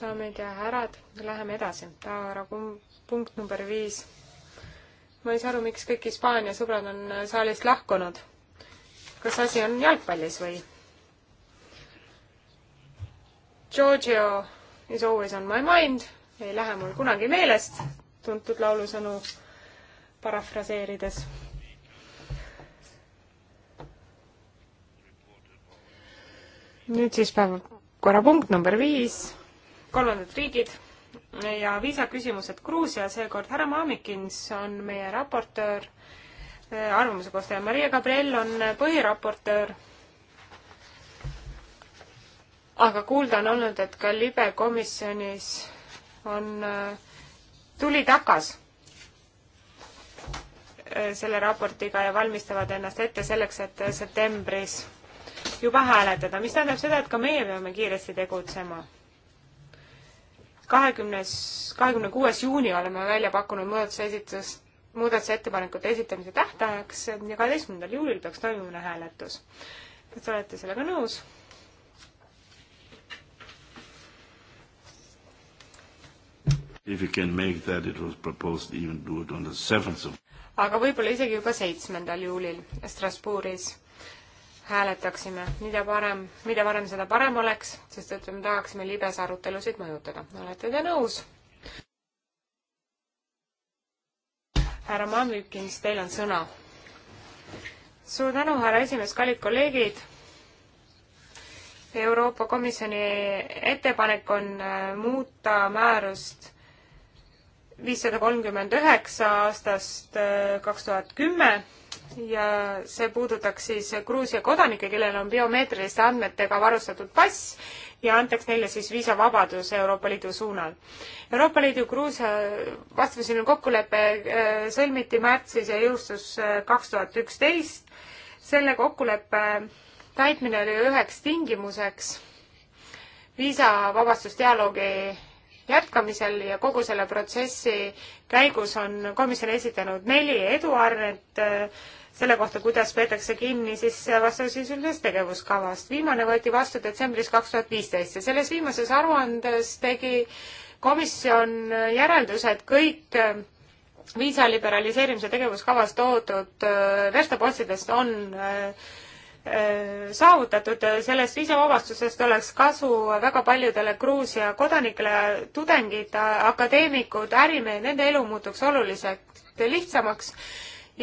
daamid ja härrad, läheme edasi. päevakorrapunkt number viis. ma ei saa aru, miks kõik Hispaania sõbrad on saalist lahkunud. kas asi on jalgpallis või? Giorgio is always on my mind, ei lähe mul kunagi meelest, tuntud laulusõnu parafraseerides nüüd siis päevakorrapunkt number viis, kolmandad riigid ja viisaküsimused Gruusia, seekord härra Maamikins on meie raportöör, äh, arvamuse koostaja Maria Gabriel on põhiraportöör. aga kuulda on olnud, et ka libe komisjonis on äh, tuli takas äh, selle raportiga ja valmistavad ennast ette selleks, et septembris juba hääletada, mis tähendab seda, et ka meie peame kiiresti tegutsema. kahekümnes, kahekümne kuues juuni oleme välja pakkunud muudatusesitust, muudatusettepanekute esitamise tähtajaks ja kaheteistkümnendal juulil peaks toimuma hääletus. kas te olete sellega nõus? If you can make that, it was proposed even do it on the seventh of aga võib-olla isegi juba seitsmendal juulil Strasbourgis hääletaksime, mida parem, mida varem, seda parem oleks, sest et me tahaksime libes arutelusid mõjutada. olete te nõus? härra Mamlikins, teil on sõna. suur tänu, härra esimees, kallid kolleegid. Euroopa Komisjoni ettepanek on äh, muuta määrust viissada kolmkümmend üheksa aastast äh, kaks tuhat kümme ja see puudutaks siis Gruusia kodanikke, kellel on biomeetriliste andmetega varustatud pass ja antaks neile siis viisavabadus Euroopa Liidu suunal. Euroopa Liidu Gruusia vastavasiline kokkulepe äh, sõlmiti märtsis ja jõustus äh, kaks tuhat üksteist. selle kokkuleppe täitmine oli üheks tingimuseks viisavabastusdialoogi jätkamisel ja kogu selle protsessi käigus on komisjon esitanud neli eduarnet äh, selle kohta, kuidas peetakse kinni siis vastasisulisest tegevuskavast. viimane võeti vastu detsembris kaks tuhat viisteist ja selles viimases aruandes tegi komisjon järeldused kõik äh, viisa liberaliseerimise tegevuskavas toodud äh, verstapostidest on äh, Äh, saavutatud, sellest viisavabastusest oleks kasu väga paljudele Gruusia kodanikele, tudengid, akadeemikud, ärimehed, nende elu muutuks oluliselt lihtsamaks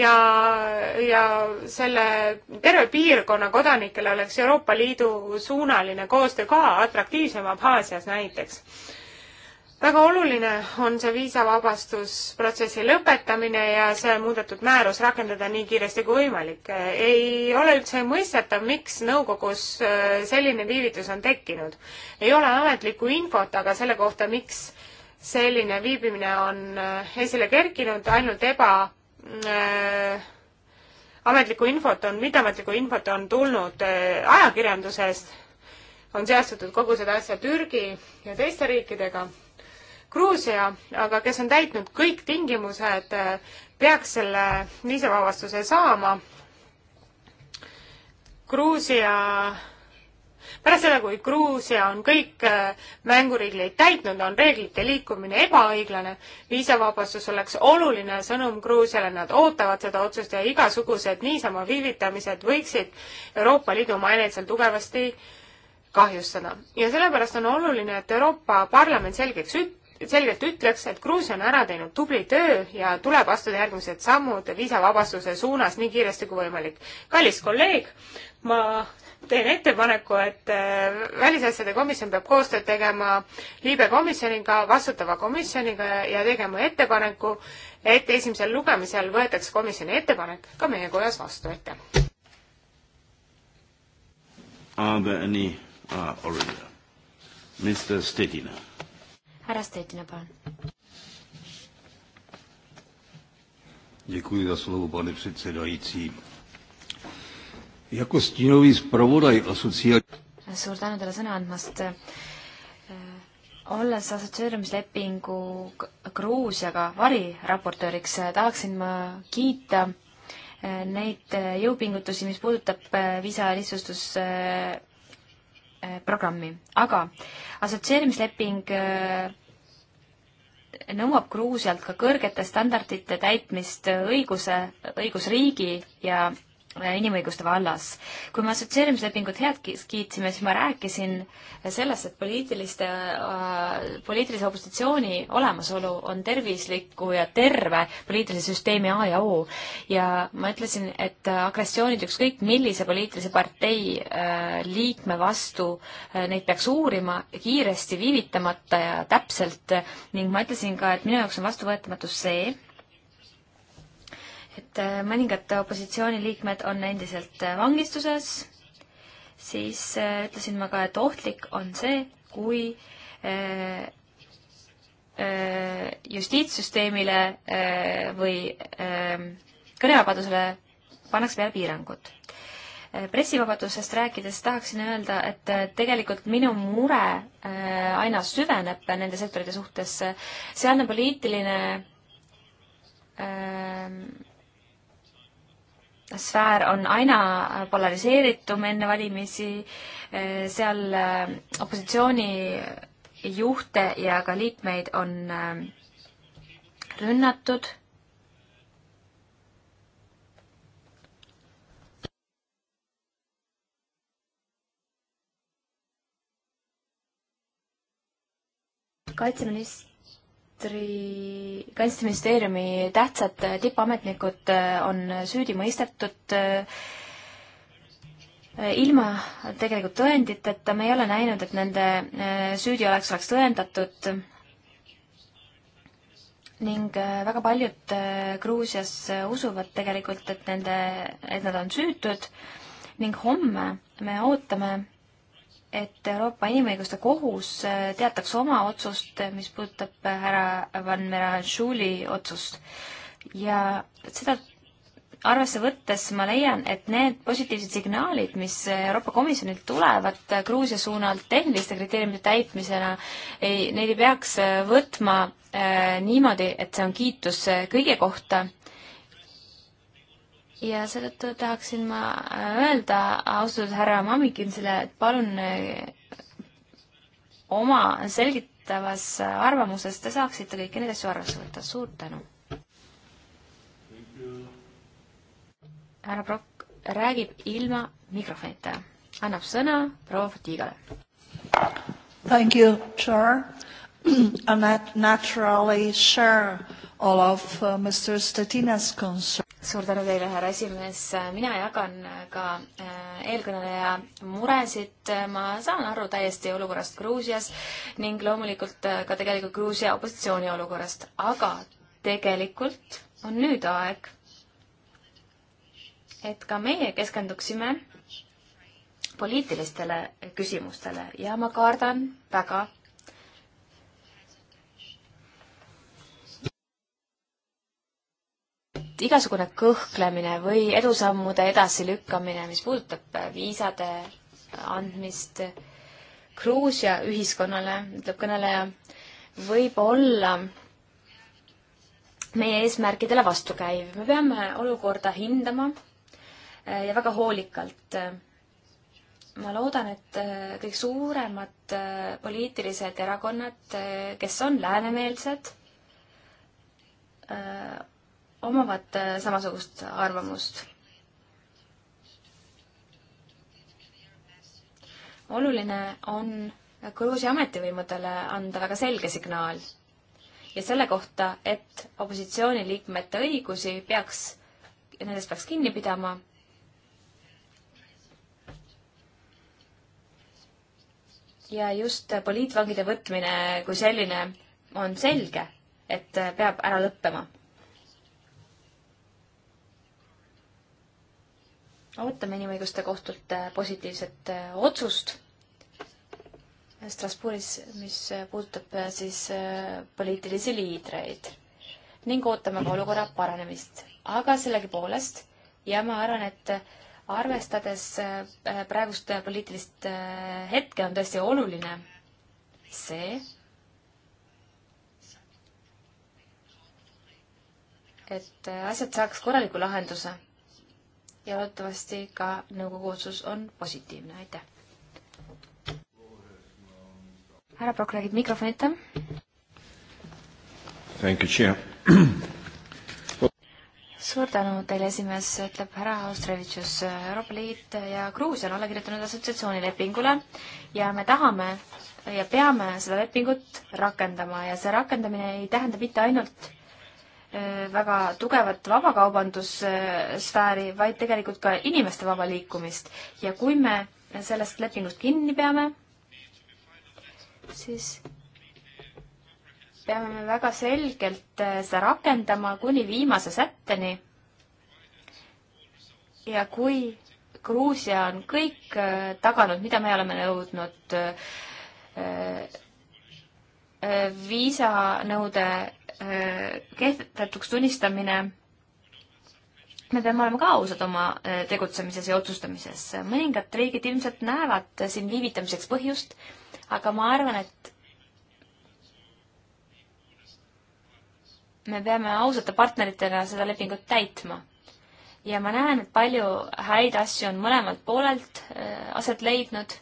ja, ja selle terve piirkonna kodanikele oleks Euroopa Liidu suunaline koostöö ka atraktiivsem Abhaasias näiteks väga oluline on see viisavabastusprotsessi lõpetamine ja see muudetud määrus rakendada nii kiiresti kui võimalik. ei ole üldse mõistetav, miks nõukogus äh, selline viivitus on tekkinud. ei ole ametlikku infot aga selle kohta, miks selline viibimine on äh, esile kerkinud, ainult eba äh, ametlikku infot on, mitteametlikku infot on tulnud äh, ajakirjandusest, on seostatud kogu seda asja Türgi ja teiste riikidega Gruusia aga, kes on täitnud kõik tingimused, peaks selle viisavabastuse saama. Gruusia, pärast seda, kui Gruusia on kõik äh, mängureegleid täitnud, on reeglite liikumine ebaõiglane. viisavabastus oleks oluline sõnum Gruusiale, nad ootavad seda otsust ja igasugused niisama viivitamised võiksid Euroopa Liidu mainet seal tugevasti kahjustada. ja sellepärast on oluline, et Euroopa Parlament selgeks üt-, selgelt ütleks, et Gruusia on ära teinud tubli töö ja tuleb astuda järgmised sammud viisavabastuse suunas nii kiiresti kui võimalik. kallis kolleeg, ma teen ettepaneku, et äh, Välisasjade komisjon peab koostööd tegema Liibe komisjoniga, vastutava komisjoniga ja tegema ettepaneku, et esimesel lugemisel võetaks komisjoni ettepanek ka meie kojas vastu, aitäh. aga nii ah,, Olivia, Mr Stedina härra Stettina, palun. Jako stínový zpravodaj asociační... Suur tänu teile sõna andmast. Äh, olles assotsieerumislepingu Gruusiaga variraportööriks, äh, tahaksin ma kiita äh, neid jõupingutusi, mis puudutab viisalistustus Äh, programmi, aga assotsieerimisleping äh, nõuab Gruusialt ka kõrgete standardite täitmist õiguse, õigusriigi ja Äh, inimõiguste vallas. kui me assotsieerimislepingut head kiitsime, siis ma rääkisin sellest, et poliitiliste, äh, poliitilise opositsiooni olemasolu on tervisliku ja terve poliitilise süsteemi A ja O. ja ma ütlesin, et agressioonid ükskõik millise poliitilise partei äh, liikme vastu, neid peaks uurima kiiresti, viivitamata ja täpselt ning ma ütlesin ka, et minu jaoks on vastuvõetamatu see, et äh, mõningad opositsiooniliikmed on endiselt äh, vangistuses, siis äh, ütlesin ma ka, et ohtlik on see, kui justiitssüsteemile või ähm, kõnevabadusele pannakse peale piirangud. pressivabadusest rääkides tahaksin öelda, et tegelikult minu mure aina süveneb nende sektorite suhtes. sealne poliitiline ähm, sfäär on aina polariseeritum enne valimisi, seal äh, opositsiooni juhte ja ka liikmeid on äh, rünnatud kaitseminist-, kantsleri, kantsliministeeriumi tähtsad tippametnikud äh, on süüdi mõistetud äh, ilma tegelikult tõenditeta, me ei ole näinud, et nende äh, süüdi oleks, oleks tõendatud ning väga paljud Gruusias usuvad tegelikult, et nende, et nad on süütud ning homme me ootame et Euroopa Inimõiguste Kohus äh, teataks oma otsust, äh, mis puudutab äh, härra Van Merachuli otsust. ja seda arvesse võttes ma leian, et need positiivsed signaalid, mis Euroopa Komisjonilt tulevad Gruusia suunalt tehniliste kriteeriumite täitmisena, ei, neid ei peaks võtma äh, niimoodi, et see on kiitus kõige kohta ja seetõttu tahaksin ma äh, öelda austatud härra Mamikinsile, et palun äh, oma selgitavas äh, arvamuses te saaksite kõiki neid asju arvesse võtta, suur tänu. härra Prokk räägib ilma mikrofonita, annab sõna proua Fatigale. Thank you, Chair. naturally share all of uh, Mr. Stettina's concern. suur tänu teile, härra esimees, mina jagan äh, ka äh, eelkõneleja muresid, äh, ma saan aru täiesti olukorrast Gruusias ning loomulikult ka tegelikult Gruusia opositsiooni olukorrast, aga tegelikult on nüüd aeg, et ka meie keskenduksime poliitilistele küsimustele ja ma kardan väga, et igasugune kõhklemine või edusammude edasilükkamine, mis puudutab äh, viisade andmist Gruusia ühiskonnale, ütleb kõneleja, võib olla meie eesmärkidele vastukäiv. me peame olukorda hindama äh, ja väga hoolikalt. ma loodan, et äh, kõik suuremad poliitilised erakonnad, kes on läänemeelsed, omavad äh, samasugust arvamust. oluline on Gruusia ametivõimudele anda väga selge signaal ja selle kohta, et opositsiooniliikmete õigusi peaks, nendest peaks kinni pidama. ja just poliitvangide võtmine kui selline on selge, et peab ära lõppema ootame inimõiguste kohtult positiivset äh, otsust Strasbourgis, mis äh, puudutab äh, siis poliitilisi liidreid ning ootame ka olukorra paranemist. aga sellegipoolest ja ma arvan, et arvestades praegust poliitilist hetke, on tõesti oluline see, et asjad saaks korraliku lahenduse ja loodetavasti ka nõukogu otsus on positiivne, aitäh. härra Prokk räägib mikrofoni ette. suur tänu teile, esimees, ütleb härra Austrevitšus. Euroopa Liit ja Gruusia on alla kirjutanud assotsiatsioonilepingule ja me tahame ja peame seda lepingut rakendama ja see rakendamine ei tähenda mitte ainult Äh, väga tugevat vabakaubandussfääri, vaid tegelikult ka inimeste vaba liikumist. ja kui me sellest lepingust kinni peame, siis peame me väga selgelt äh, seda rakendama kuni viimase sätteni. ja kui Gruusia on kõik äh, taganud, mida me oleme nõudnud, viisanõude Äh, kehtetuks tunnistamine, me peame olema ka ausad oma äh, tegutsemises ja otsustamises. mõningad riigid ilmselt näevad siin viivitamiseks põhjust, aga ma arvan, et me peame ausate partneritena seda lepingut täitma. ja ma näen, et palju häid asju on mõlemalt poolelt äh, aset leidnud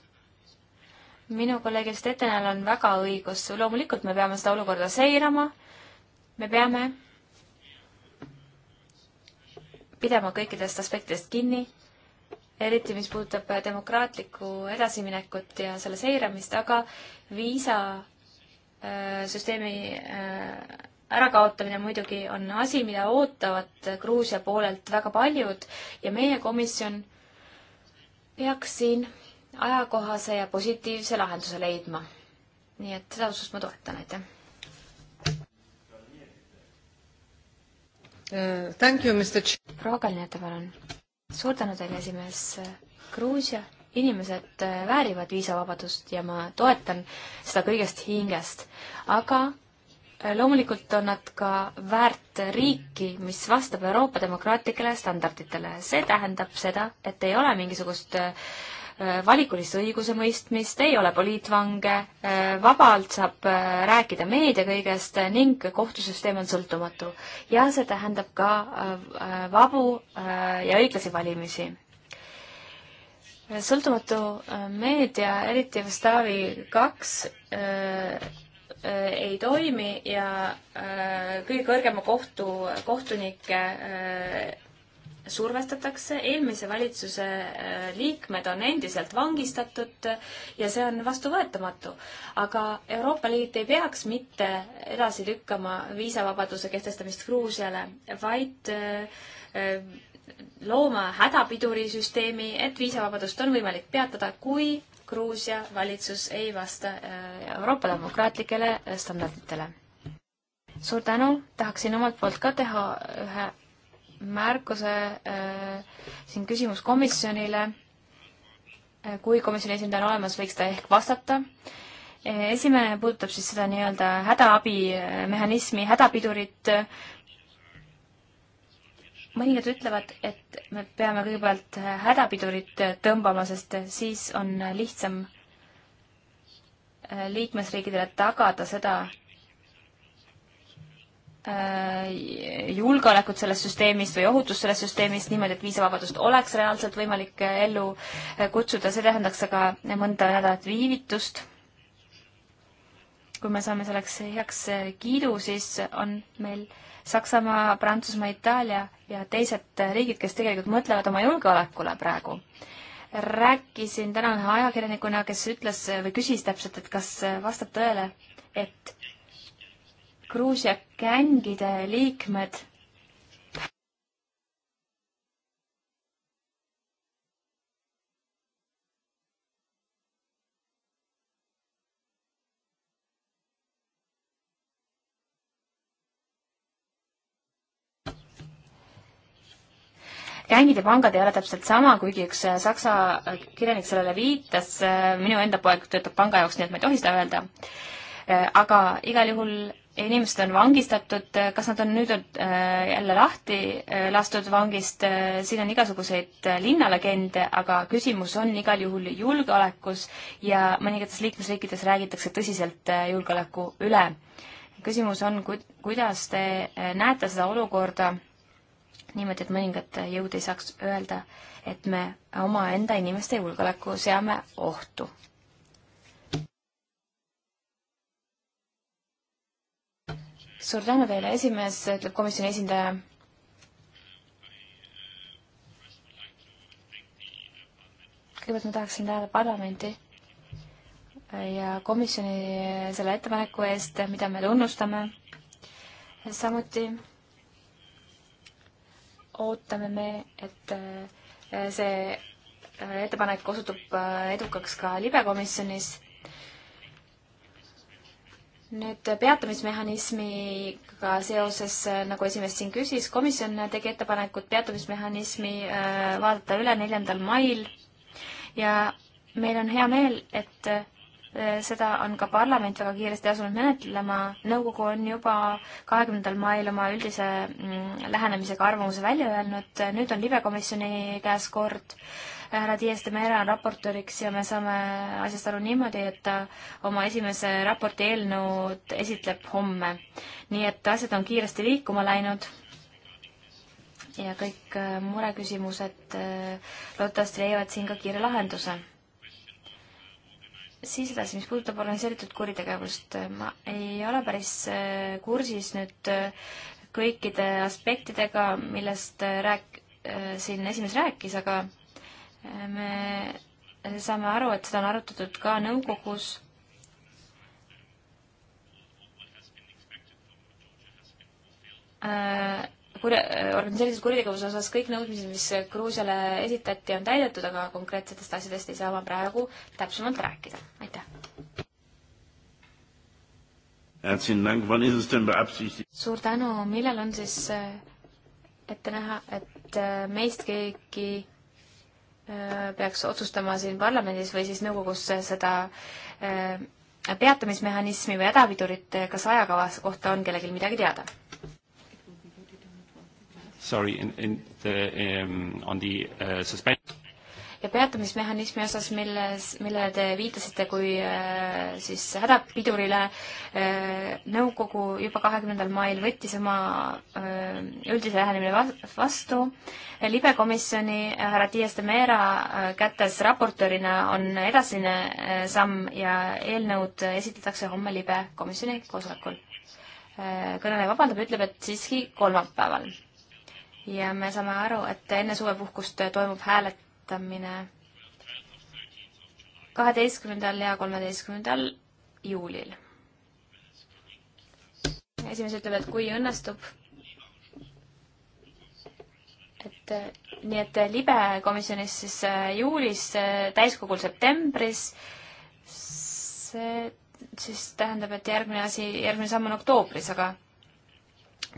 minu kolleegist Etenel on väga õigus, loomulikult me peame seda olukorda seirama me peame pidama kõikidest aspektidest kinni, eriti mis puudutab demokraatlikku edasiminekut ja selle seiramist, aga viisasüsteemi äh, äh, ärakaotamine muidugi on asi, mida ootavad Gruusia poolelt väga paljud ja meie komisjon peaks siin ajakohase ja positiivse lahenduse leidma. nii et seda otsust ma toetan, aitäh! Uh, thank you, Mr. proua Kalniete, palun. suur tänu teile, esimees. Gruusia inimesed uh, väärivad viisavabadust ja ma toetan seda kõigest hingest. aga uh, loomulikult on nad ka väärt riiki, mis vastab Euroopa demokraatlikele standarditele. see tähendab seda, et ei ole mingisugust Äh, valikulist õigusemõistmist, ei ole poliitvange, äh, vabalt saab äh, rääkida meedia kõigest ning kohtusüsteem on sõltumatu. ja see tähendab ka vabu ja õiglasi valimisi sõltumatu meedia, eriti Vestavi kaks äh,, äh, ei toimi ja äh, kõige kõrgema kohtu, kohtunike äh, survestatakse, eelmise valitsuse äh, liikmed on endiselt vangistatud äh, ja see on vastuvõetamatu. aga Euroopa Liit ei peaks mitte edasi lükkama viisavabaduse kehtestamist Gruusiale, vaid äh, looma hädapidurisüsteemi, et viisavabadust on võimalik peatada, kui Gruusia valitsus ei vasta Euroopa demokraatlikele standarditele. suur tänu, tahaksin omalt poolt ka teha ühe märkuse äh,, siin küsimus komisjonile. Äh, kui komisjoni esindaja on olemas, võiks ta ehk vastata. Äh, esimene puudutab siis seda nii-öelda hädaabimehhanismi, äh, hädapidurit. mõningad ütlevad, et me peame kõigepealt hädapidurit tõmbama, sest siis on lihtsam liikmesriikidele tagada seda, Äh, julgeolekut sellest süsteemist või ohutust sellest süsteemist niimoodi, et viisavabadust oleks reaalselt võimalik äh, ellu äh, kutsuda, see tähendaks aga mõnda nädalat viivitust. kui me saame selleks heaks kiidu, siis on meil Saksamaa, Prantsusmaa, Itaalia ja teised riigid, kes tegelikult mõtlevad oma julgeolekule praegu. rääkisin täna ühe ajakirjanikuna, kes ütles või küsis täpselt, et kas vastab tõele, et Gruusia gängide liikmed gängid ja pangad ei ole täpselt sama, kuigi üks äh, saksa äh, kirjanik sellele viitas, äh, minu enda poeg töötab panga jaoks, nii et ma ei tohi seda öelda. aga igal juhul inimesed on vangistatud, kas nad on nüüd äh, jälle lahti äh, lastud vangist, äh, siin on igasuguseid linnalegende, aga küsimus on igal juhul julgeolekus ja mõningates liikmesriikides räägitakse tõsiselt julgeoleku üle. küsimus on, kuidas te näete seda olukorda niimoodi, et mõningad jõud ei saaks öelda, et me omaenda inimeste julgeoleku seame ohtu suur tänu teile, esimees, ütleb komisjoni esindaja. kõigepealt ma tahaksin tänada parlamenti ja komisjoni selle ettepaneku eest, mida me tunnustame. samuti ootame me, et eh, see eh, ettepanek osutub eh, edukaks ka libekomisjonis nüüd peatamismehhanismiga seoses, nagu esimees siin küsis, komisjon tegi ettepanekut peatamismehhanismi äh, vaadata üle neljandal mail ja meil on hea meel, et äh, seda on ka parlament väga kiiresti asunud menetlema, nõukogu on juba kahekümnendal mail oma üldise mm, lähenemisega arvamuse välja öelnud, nüüd on libekomisjoni käes kord äh, härra Dias de Mera on raportööriks ja me saame asjast aru niimoodi, et ta oma esimese raporti eelnõud esitleb homme. nii et asjad on kiiresti liikuma läinud ja kõik äh, mureküsimused äh, loodetavasti leiavad siin ka kiire lahenduse siis edasi, mis puudutab organiseeritud kuritegevust, äh, ma ei ole päris kursis nüüd kõikide aspektidega, millest rääk-, siin esimees rääkis, aga me saame aru, et seda on arutatud ka nõukogus. Äh, Kure-, organiseeritud kuritegevuse osas kõik nõudmised, mis Gruusiale esitati, on täidetud, aga konkreetsetest asjadest ei saa ma praegu täpsemalt rääkida. aitäh! suur tänu, millal on siis äh, ette näha, et äh, meist keegi Äh, peaks otsustama siin parlamendis või siis nõukogus seda äh, peatamismehhanismi või hädapidurit, äh, kas ajakava kohta on kellelgi midagi teada? Sorry, in, in the um,, on the uh, suspension ja peatamismehhanismi osas, milles, millele te viitasite kui äh, siis hädapidurile, äh, nõukogu juba kahekümnendal mail võttis oma äh, üldise lähenemine vastu. libekomisjoni härra Dias de Meera kätes raportöörina on edasine samm ja eelnõud esitatakse homme libekomisjoni koosolekul. kõneleja vabandab, ütleb, et siiski kolmapäeval ja me saame aru, et enne suvepuhkust toimub hääletus hääletamine kaheteistkümnendal ja kolmeteistkümnendal juulil. esimees ütleb, et kui õnnestub, et nii, et libe komisjonis siis äh, juulis, äh, täiskogul septembris, see siis tähendab, et järgmine asi, järgmine samm on oktoobris, aga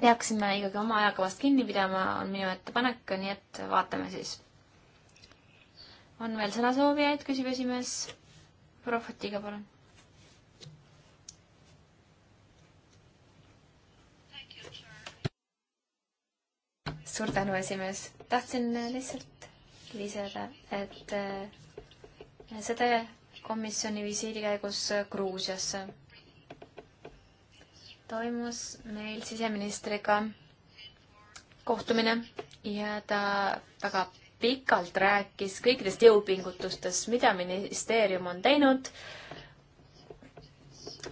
peaksime ikkagi oma ajakavast kinni pidama, on minu ettepanek, nii et vaatame siis on veel sõnasoovijaid, küsib esimees. prohvetiga, palun. suur tänu, esimees. tahtsin lihtsalt lisada, et äh, seda komisjoni visiidi käigus Gruusiasse toimus meil siseministriga kohtumine ja ta tagab pikalt rääkis kõikidest jõupingutustest, mida ministeerium on teinud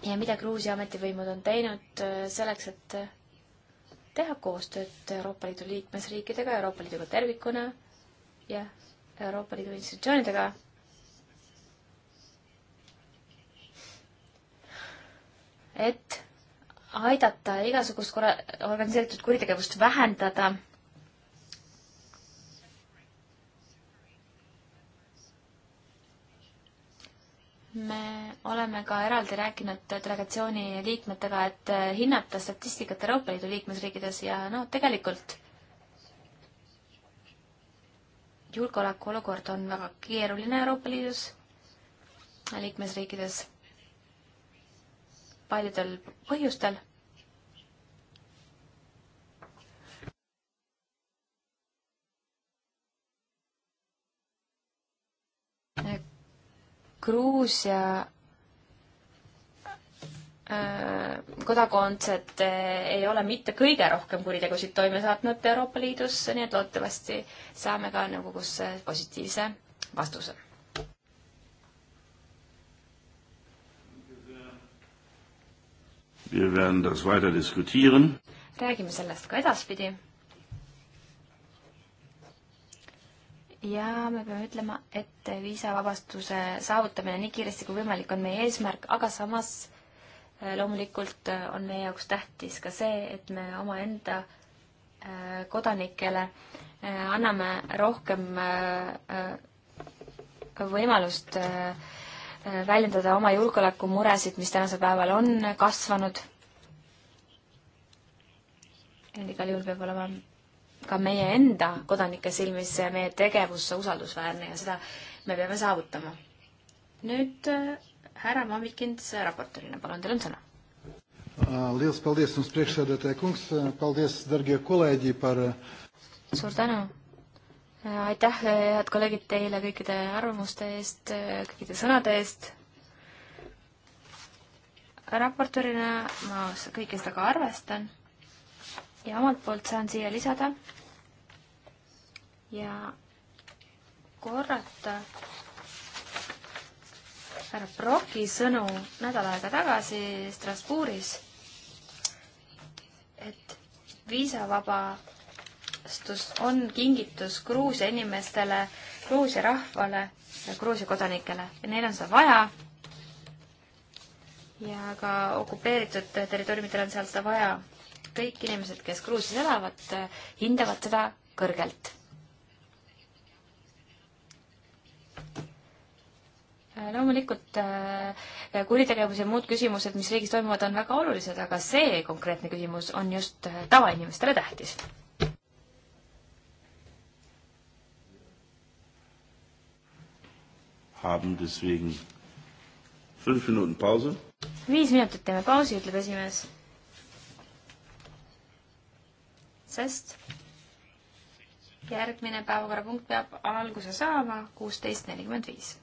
ja mida Gruusia ametivõimud on teinud äh, selleks, et äh, teha koostööd Euroopa Liidu liikmesriikidega, Euroopa Liiduga tervikuna ja Euroopa Liidu institutsioonidega et aidata igasugust korra-, organiseeritud kuritegevust vähendada me oleme ka eraldi rääkinud delegatsiooni liikmetega, et hinnata statistikat Euroopa Liidu liikmesriikides ja no tegelikult julgeolekuolukord on väga keeruline Euroopa Liidus, liikmesriikides paljudel põhjustel. Gruusia äh, kodakondsed äh, ei ole mitte kõige rohkem kuritegusid toime saatnud Euroopa Liidus, nii et loodetavasti saame ka nõukogus positiivse vastuse. räägime sellest ka edaspidi ja me peame ütlema, et viisavabastuse saavutamine nii kiiresti kui võimalik on meie eesmärk, aga samas eh, loomulikult eh, on meie jaoks tähtis ka see, et me omaenda eh, kodanikele anname rohkem võimalust väljendada oma julgeolekumuresid, mis tänasel päeval on kasvanud. igal juhul peab olema ka meie enda kodanike silmis meie tegevus usaldusväärne ja seda me peame saavutama. nüüd äh, härra Mamikins äh, raportorina, palun, teil on sõna. Äh, liels paldies jums, priekšsõdade kungs, paldies, targi kolleegi par. suur tänu. aitäh, head kolleegid, teile kõikide arvamuste eest, kõikide sõnade eest. raportorina ma kõike seda ka arvestan ja omalt poolt saan siia lisada ja korrata härra Broki sõnu nädal aega tagasi Strasbourgis, et viisavabastus on kingitus Gruusia inimestele, Gruusia rahvale ja Gruusia kodanikele ja neil on seda vaja. ja ka okupeeritud territooriumitel on seal seda vaja kõik inimesed, kes Gruusias elavad, hindavad seda kõrgelt. loomulikult äh, kuritegevus ja muud küsimused, mis riigis toimuvad, on väga olulised, aga see konkreetne küsimus on just äh, tavainimestele tähtis haben. Deswegen fünf Minuten Pause. Viis minutit teeme pausi, ütleb esimees sest järgmine päevakorrapunkt peab alguse saama kuusteist nelikümmend viis.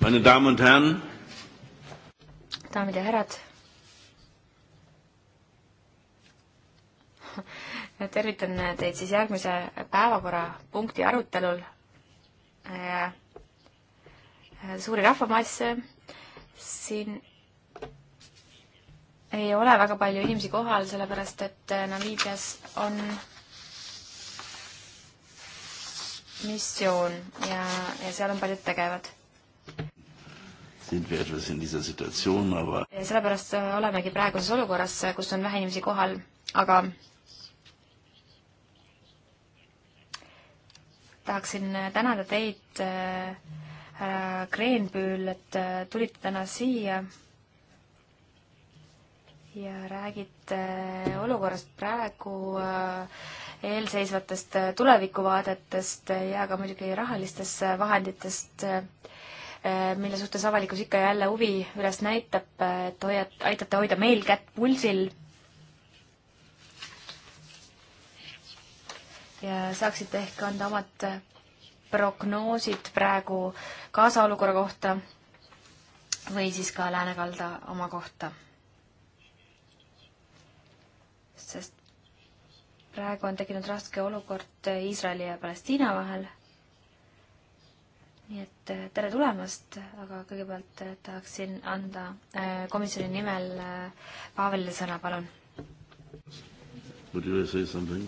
Meine Damen und Herren. daamid ja härrad. tervitan teid siis järgmise päevakorrapunkti arutelul. Äh, suuri rahvamasse siin ei ole väga palju inimesi kohal, sellepärast et Namiibias on missioon ja, ja seal on paljud tegevad sellepärast äh, olemegi praeguses olukorras, äh, kus on vähe inimesi kohal, aga tahaksin äh, tänada teid, härra Kreenbüül, et tulite täna siia ja räägite olukorrast praegu, eelseisvatest tulevikuvaadetest ja ka muidugi rahalistest vahenditest Äh, mille suhtes avalikkus ikka ja jälle huvi üles näitab, et hoiad, aitate hoida meil kätt pulsil. ja saaksite ehk anda omad prognoosid praegu Gaza olukorra kohta või siis ka läänekalda oma kohta. sest praegu on tekkinud raske olukord Iisraeli ja Palestiina vahel nii et äh, tere tulemast, aga kõigepealt äh, tahaksin anda äh, komisjoni nimel Pavelile sõna, palun. Would you say something?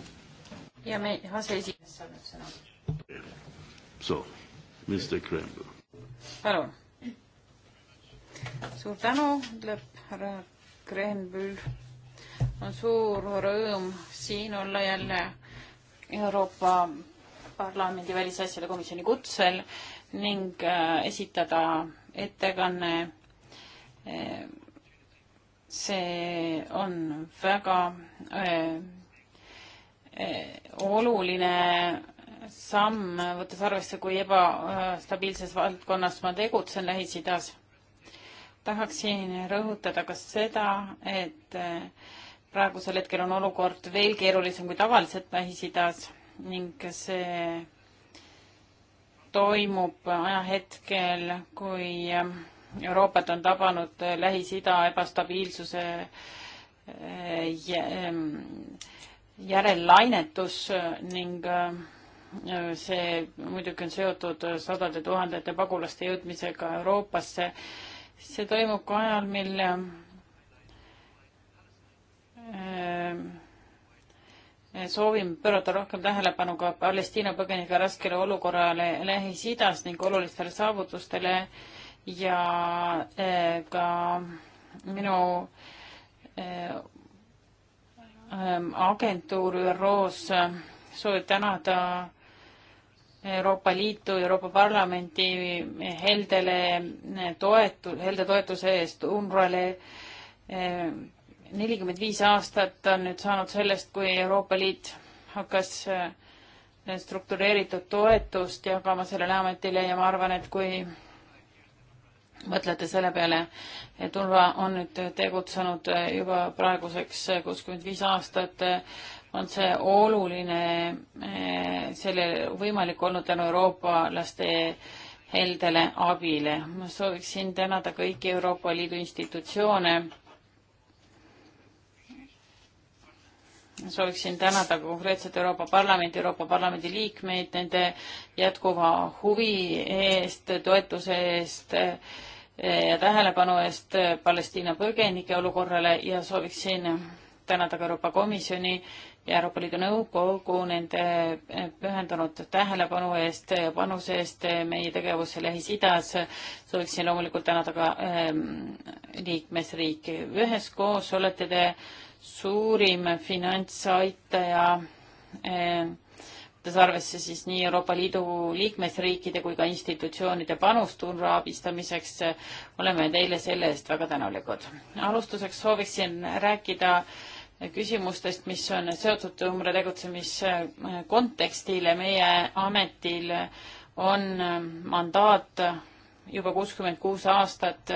ja me aseesimees saab sõna. So, Mr Kreml. palun. suur tänu, ütleb härra Kreml. on suur rõõm siin olla jälle Euroopa Parlamendi välisasjade komisjoni kutsel ning äh, esitada ettekanne. see on väga äh, äh, oluline samm, võttes arvesse, kui ebastabiilses valdkonnas ma tegutsen Lähis-Idas. tahaksin rõhutada ka seda, et praegusel hetkel on olukord veel keerulisem kui tavaliselt Lähis-Idas ning see toimub ajahetkel, kui Euroopat on tabanud Lähis-Ida ebastabiilsuse eh, eh, järellainetus ning eh, see muidugi on seotud sadade tuhandete pagulaste jõudmisega Euroopasse. see toimub ka ajal, mil Eh, soovime pöörata rohkem tähelepanu ka Palestiina põgenike raskele olukorrale Lähis-Idas ning olulistele saavutustele ja eh, ka minu eh, agentuur ÜRO-s soovib tänada Euroopa Liitu, Euroopa Parlamenti heldele toetu-, helde toetuse eest UNRWA-le nelikümmend viis aastat on nüüd saanud sellest, kui Euroopa Liit hakkas eh, struktureeritud toetust jagama sellele ametile ja ma arvan, et kui mõtlete selle peale, et Urva on nüüd tegutsenud eh, juba praeguseks eh, kuuskümmend viis aastat, on see oluline, selle võimalik olnud tänu eurooplaste heldele abile. ma sooviksin tänada kõiki Euroopa Liidu institutsioone sooviksin tänada konkreetselt Euroopa Parlamenti, Euroopa Parlamendi liikmeid nende jätkuva huvi eest, toetuse eest eh, ja tähelepanu eest Palestiina põgenike olukorrale ja sooviksin tänada ka Euroopa Komisjoni ja Euroopa Liidu Nõukogu nende eh, pühendunud tähelepanu eest ja panuse eest eh, meie tegevusse Lähis-Idas. sooviksin loomulikult tänada ka ähm, liikmesriike. üheskoos olete te äh, suurim finantsaitaja eh, võttes arvesse siis nii Euroopa Liidu liikmesriikide kui ka institutsioonide panust UNRWA abistamiseks, oleme teile selle eest väga tänulikud. alustuseks sooviksin rääkida küsimustest, mis on seotud UNRWA tegutsemiskontekstile. Eh, meie ametil on eh, mandaat juba kuuskümmend kuus aastat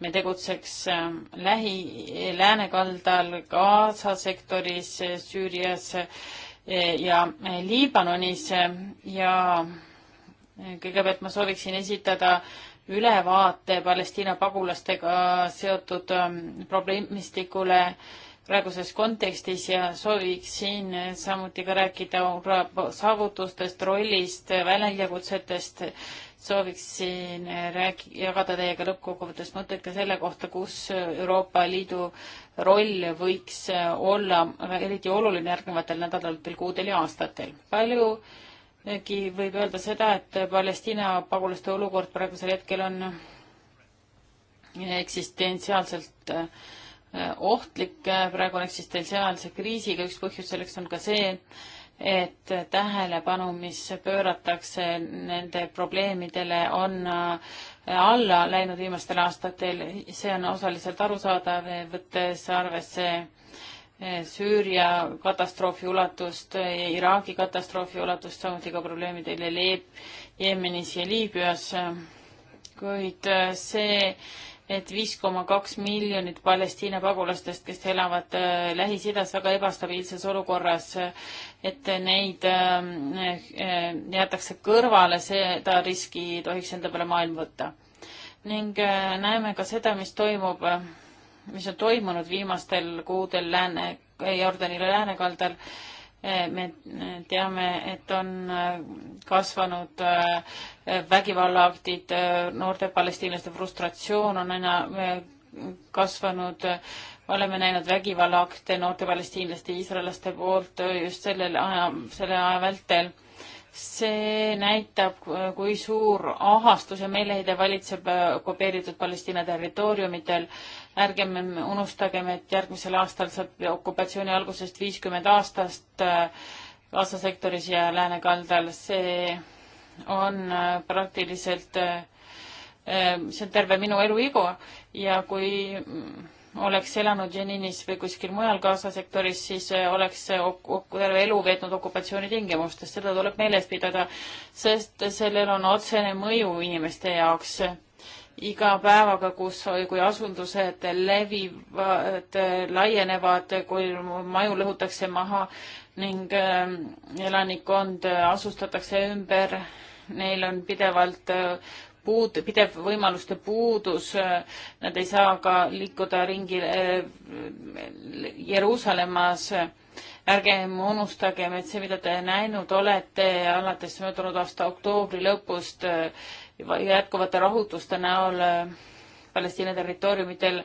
me tegutseks ähm, lähi, läänekaldal, Gaza sektoris, äh, Süürias äh, ja äh, Liibanonis ähm, ja kõigepealt ma sooviksin esitada ülevaate Palestiina pagulastega seotud ähm, probleemistikule praeguses kontekstis ja sooviksin samuti ka rääkida saavutustest, rollist, väljakutsetest sooviksin räägi-, jagada teiega lõppkokkuvõttes mõtteid ka selle kohta, kus Euroopa Liidu roll võiks olla eriti oluline järgnevatel nädalatel, kuudel ja aastatel. paljugi võib öelda seda, et Palestiina pagulaste olukord praegusel hetkel on eksistentsiaalselt eh, ohtlik, praegu on eksistentsiaalse kriisiga, üks põhjus selleks on ka see, et et tähelepanu, mis pööratakse nende probleemidele, on äh, alla läinud viimastel aastatel, see on osaliselt arusaadav, võttes arvesse äh, Süüria katastroofi ulatust, äh, Iraagi katastroofi ulatust, samuti ka probleemidele Leeb-, Jeemenis ja Liibüas. kuid see et viis koma kaks miljonit Palestiina pagulastest, kes elavad äh, Lähis-Idas väga ebastabiilses olukorras, äh, et neid äh, jäetakse kõrvale, seda riski ei tohiks enda peale maailm võtta. ning näeme ka seda, mis toimub, mis on toimunud viimastel kuudel Lääne, Jordanile läänekaldal Eh, me teame, et on eh, kasvanud eh, vägivallaaktid, noorte palestiinlaste frustratsioon on aina kasvanud, oleme näinud vägivallaakte noorte palestiinlaste, iisraellaste poolt just sellel aja, selle aja vältel. see näitab, kui suur ahastus ja meeleheide valitseb okupeeritud Palestiina territooriumitel ärgem unustagem, et järgmisel aastal saab okupatsiooni algusest viiskümmend aastast Gaza äh, sektoris ja läänekaldal. see on äh, praktiliselt, äh, see on terve minu eluigu ja kui mm, oleks elanud Jeninis või kuskil mujal Gaza sektoris, siis oleks terve elu veetnud okupatsiooni tingimustes. seda tuleb meeles pidada, sest sellel on otsene mõju inimeste jaoks iga päevaga, kus, kui asundused levivad, laienevad, kui maju lõhutakse maha ning ähm, elanikkond asustatakse ümber, neil on pidevalt äh, puud, pidev võimaluste puudus, äh, nad ei saa ka liikuda ringi äh, Jeruusalemmas. ärgem unustagem, et see, mida te näinud olete alates möödunud aasta oktoobri lõpust, jätkuvate rahutuste näol äh, Palestiina territooriumitel.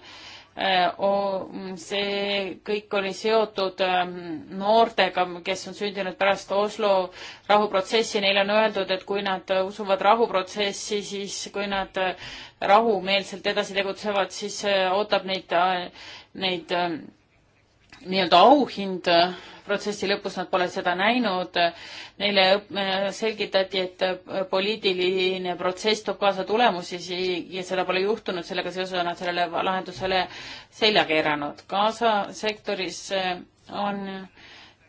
Äh, see kõik oli seotud ähm, noortega, kes on sündinud pärast Oslo rahuprotsessi, neile on öeldud, et kui nad usuvad rahuprotsessi, siis kui nad äh, rahumeelselt edasi tegutsevad, siis ootab neid, neid ähm, nii-öelda auhind protsessi lõpus, nad pole seda näinud. Neile selgitati, et poliitiline protsess toob kaasa tulemusi ja seda pole juhtunud, sellega seoses on nad sellele lahendusele selja keeranud. Gaza sektoris eh, on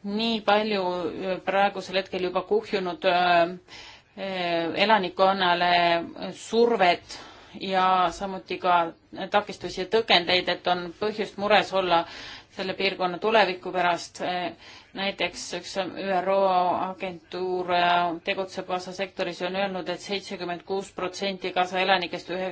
nii palju eh, praegusel hetkel juba kuhjunud eh, elanikkonnale survet ja samuti ka takistusi ja tõkendeid, et on põhjust mures olla äh, selle piirkonna tuleviku pärast. näiteks üks ÜRO agentuur tegutseb Gaza sektoris ja on öelnud et, et seitsekümmend kuus protsenti Gaza elanikest ühe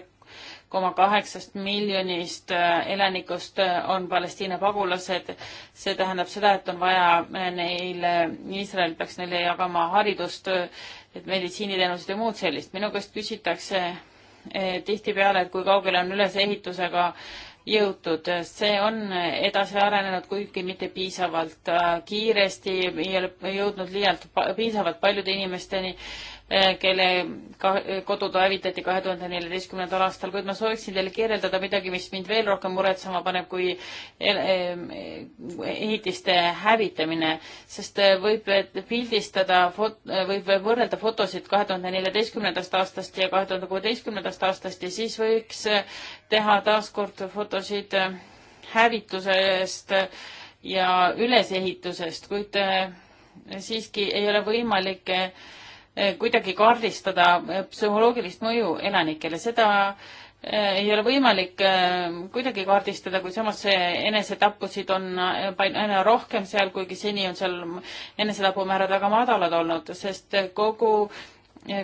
koma kaheksast miljonist elanikust on Palestiina pagulased. see tähendab seda, et on vaja neile, Iisrael peaks neile jagama haridust, et meditsiiniteenused ja muud sellist. minu käest küsitakse eh, tihtipeale, et kui kaugele on ülesehitusega jõutud. see on edasi arenenud, kuigi mitte piisavalt äh, kiiresti, ei ole jõudnud liialt piisavalt paljude inimesteni Eh, kelle kodud hävitati kahe tuhande neljateistkümnendal aastal, kuid ma sooviksin teile kirjeldada midagi, mis mind veel rohkem muretsema paneb kui eh, ehitiste hävitamine, sest eh, võib pildistada, võib võrrelda fotosid kahe tuhande neljateistkümnendast aastast ja kahe tuhande kuueteistkümnendast aastast ja siis võiks teha taaskord fotosid hävitusest ja ülesehitusest, kuid siiski ei ole võimalik Eh, kuidagi kaardistada eh, psühholoogilist mõju elanikele, seda eh, ei ole võimalik kuidagi kaardistada, kui samas enesetappusid on aina rohkem seal, kuigi seni on seal enesetapumäärad väga madalad olnud, sest kogu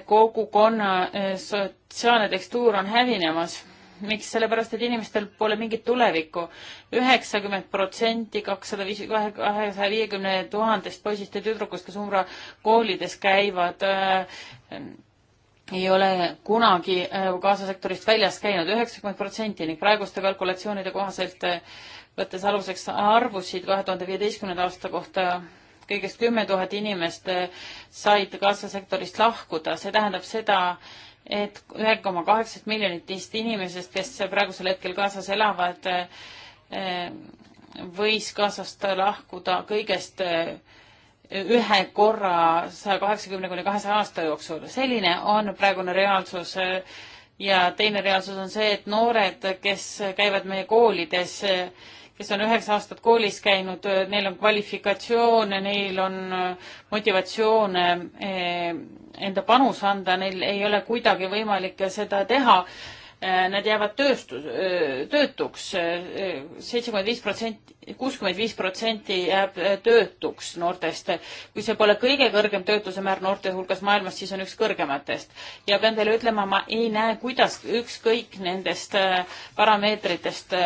kogukonna sotsiaalne tekstuur on hävinemas miks, sellepärast et inimestel pole mingit tulevikku. üheksakümmend protsenti kakssada viis, kahesaja viiekümne tuhandest poisist ja tüdrukust, kes Umbra koolides käivad äh,, ei ole kunagi äh, kaasasektorist väljas käinud, üheksakümmend protsenti ning praeguste kalkulatsioonide kohaselt äh, võttes aluseks arvusid kahe tuhande viieteistkümnenda aasta kohta, kõigest kümme tuhat inimest äh, said kaasasektorist lahkuda, see tähendab seda, et ühe koma kaheksat miljonit neist inimesest, kes praegusel hetkel Gazas elavad, eh, võis Gazast lahkuda kõigest eh, ühe korra saja kaheksakümne kuni kahesaja aasta jooksul. selline on praegune reaalsus ja teine reaalsus on see, et noored, kes käivad meie koolides, eh, kes on üheksa aastat koolis käinud, neil on kvalifikatsioone, neil on äh, motivatsioone äh, enda panus anda, neil ei ole kuidagi võimalik seda teha. Äh, nad jäävad tööstu-, töötuks, seitsekümmend viis protsenti, kuuskümmend viis protsenti jääb töötuks noortest. kui see pole kõige kõrgem töötuse määr noorte hulgas maailmas, siis on üks kõrgematest. ja pean teile ütlema, ma ei näe, kuidas ükskõik nendest parameetritest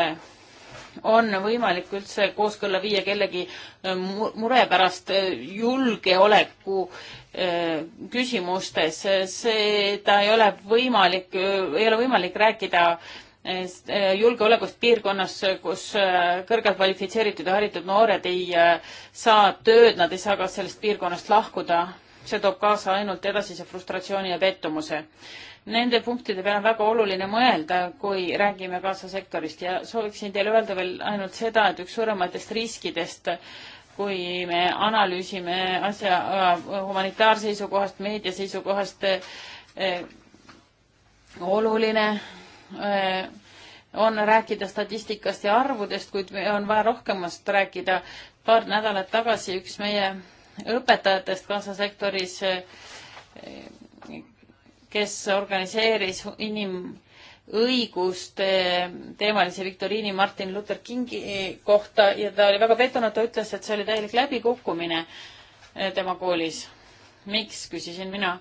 on võimalik üldse kooskõlla viia kellegi äh, mure pärast äh, julgeoleku äh, küsimustes, seda ei ole võimalik, ei ole võimalik rääkida julgeolekust piirkonnas, kus kõrgelt kvalifitseeritud ja haritud noored ei saa tööd, nad ei saa ka sellest piirkonnast lahkuda see toob kaasa ainult edasise frustratsiooni ja pettumuse. Nende punktide peale on väga oluline mõelda, kui räägime kaasasektorist ja sooviksin teile öelda veel ainult seda, et üks suurematest riskidest, kui me analüüsime asja äh, humanitaarseisukohast, meedia seisukohast eh, oluline eh, on rääkida statistikast ja arvudest, kuid on vaja rohkemast rääkida. paar nädalat tagasi üks meie õpetajatest kaasasektoris, kes organiseeris inimõiguste teemalise viktoriini Martin Luther Kingi kohta ja ta oli väga pettunud, ta ütles, et see oli täielik läbikukkumine tema koolis. miks, küsisin mina.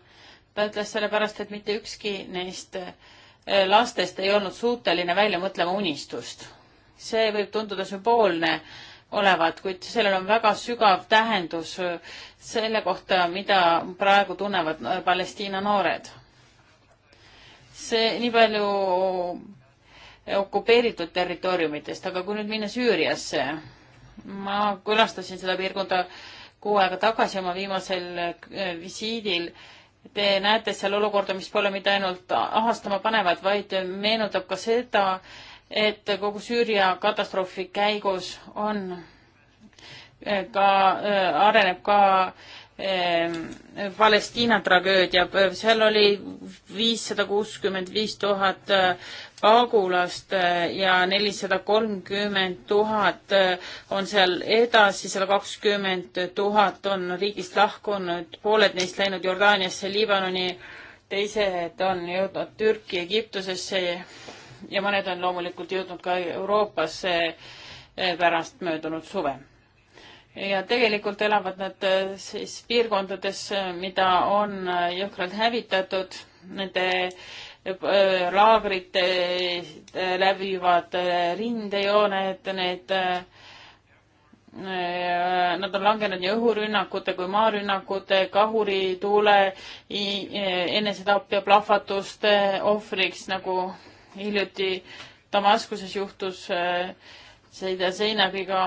ta ütles sellepärast, et mitte ükski neist eh, lastest ei olnud suuteline välja mõtlema unistust. see võib tunduda sümboolne olevat, kuid sellel on väga sügav tähendus selle kohta, mida praegu tunnevad Palestiina noored. see nii palju okupeeritud territooriumitest, aga kui nüüd minna Süüriasse, ma külastasin seda piirkonda kuu aega tagasi oma viimasel visiidil. Te näete seal olukorda, mis pole mitte ainult ahastama panevad, vaid meenutab ka seda, et kogu Süüria katastroofi käigus on eh, ka, eh, areneb ka eh, Palestiina tragöödia, seal oli viissada kuuskümmend viis tuhat pagulast ja nelisada kolmkümmend tuhat on seal edasi, sada kakskümmend tuhat on riigist lahkunud, pooled neist läinud Jordaaniasse, Liibanoni, teised on jõudnud Türki, Egiptusesse ja mõned on loomulikult jõudnud ka Euroopasse eh, pärast möödunud suve. ja tegelikult elavad nad eh, siis piirkondades, eh, mida on jõhkralt hävitatud, nende laagrite läbivad rindejooned, need Nad on langenud nii õhurünnakute kui maarünnakute, kahurituule, enesetapja plahvatuste ohvriks, nagu hiljuti Damaskuses juhtus äh, Seida Seinabiga,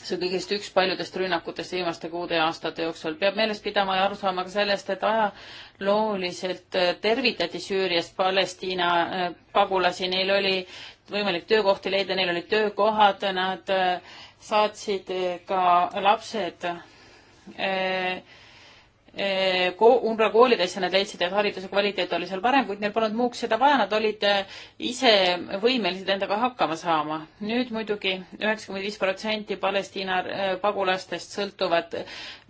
see on kõigest üks paljudest rünnakutest viimaste kuude ja aastate jooksul. peab meeles pidama ja aru saama ka sellest, et ajalooliselt äh, tervitati Süüriast Palestiina äh, pagulasi, neil oli võimalik töökohti leida, neil olid töökohad, nad saatsid ka lapsed äh, Eh, UNRWA koolidesse, nad leidsid, et hariduse kvaliteet oli seal parem, kuid neil polnud muuks seda vaja, nad olid eh, ise võimelised endaga hakkama saama. nüüd muidugi üheksakümmend viis protsenti Palestiina eh, pagulastest sõltuvad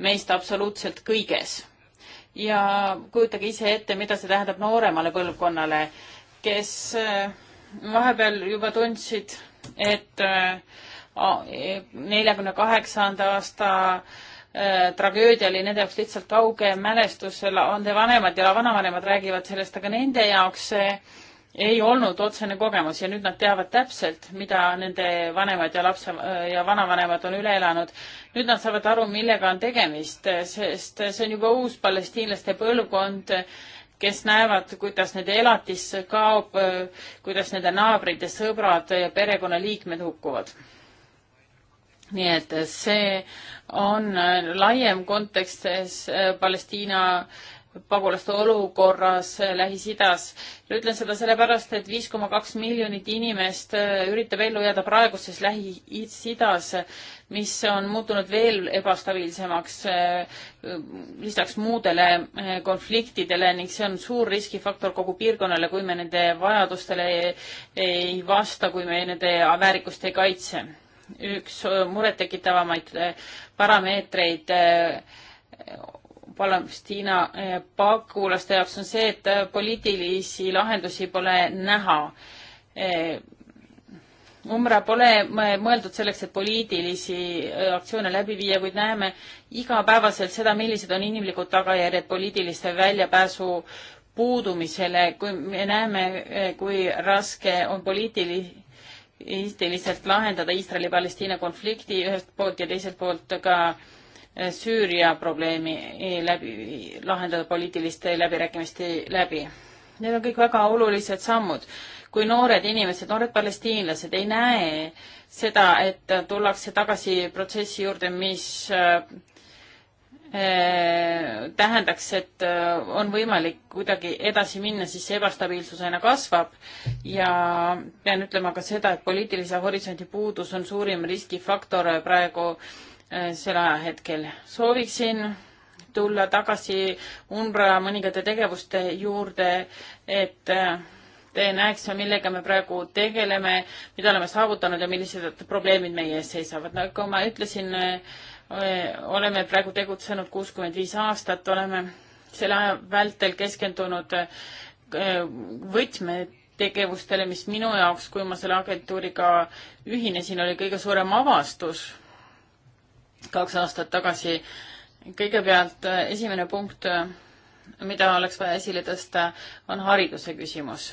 meist absoluutselt kõiges. ja kujutage ise ette, mida see tähendab nooremale põlvkonnale, kes vahepeal juba tundsid, et neljakümne kaheksanda aasta Äh, tragöödia oli nende jaoks lihtsalt kauge mälestus, nende vanemad ja vanavanemad räägivad sellest, aga nende jaoks see ei olnud otsene kogemus ja nüüd nad teavad täpselt, mida nende vanemad ja lapse ja vanavanemad on üle elanud. nüüd nad saavad aru, millega on tegemist, sest see on juba uus palestiinlaste põlvkond, kes näevad, kuidas nende elatis kaob, kuidas nende naabrid ja sõbrad ja perekonnaliikmed hukkuvad nii et see on laiem kontekstis äh, Palestiina pagulaste olukorras äh, Lähis-Idas. ütlen seda sellepärast, et viis koma kaks miljonit inimest äh, üritab ellu jääda praeguses Lähis-Idas, mis on muutunud veel ebastabiilsemaks lisaks muudele konfliktidele ning see on suur riskifaktor kogu piirkonnale, kui me nende vajadustele ei vasta, kui me nende väärikust ei kaitse üks murettekitavamaid äh, parameetreid äh, Palestiina äh, pagulaste jaoks on see, et poliitilisi lahendusi pole näha. Umra pole mõeldud selleks, et poliitilisi aktsioone läbi viia, kuid näeme igapäevaselt seda, millised on inimlikud tagajärjed poliitiliste väljapääsu puudumisele, kui me näeme, kui raske on poliitilisi tehniliselt lahendada Iisraeli-Palestiina konflikti ühest poolt ja teiselt poolt ka äh, Süüria probleemi e, läbi, lahendada poliitiliste läbirääkimiste läbi. Need on kõik väga olulised sammud. kui noored inimesed, noored palestiinlased ei näe seda, et tullakse tagasi protsessi juurde, mis äh, Äh, tähendaks, et äh, on võimalik kuidagi edasi minna, siis see ebastabiilsus aina kasvab ja pean ütlema ka seda, et poliitilise horisondi puudus on suurim riskifaktor praegu äh, sel ajahetkel. sooviksin tulla tagasi Umbra mõningate tegevuste juurde, et te näeks, millega me praegu tegeleme, mida oleme saavutanud ja millised probleemid meie ees seisavad. nagu ma ütlesin, oleme praegu tegutsenud kuuskümmend viis aastat, oleme selle aja vältel keskendunud äh, võtmetegevustele, mis minu jaoks, kui ma selle agentuuriga ühinesin, oli kõige suurem avastus kaks aastat tagasi. kõigepealt äh, esimene punkt, äh, mida oleks vaja esile tõsta, on hariduse küsimus.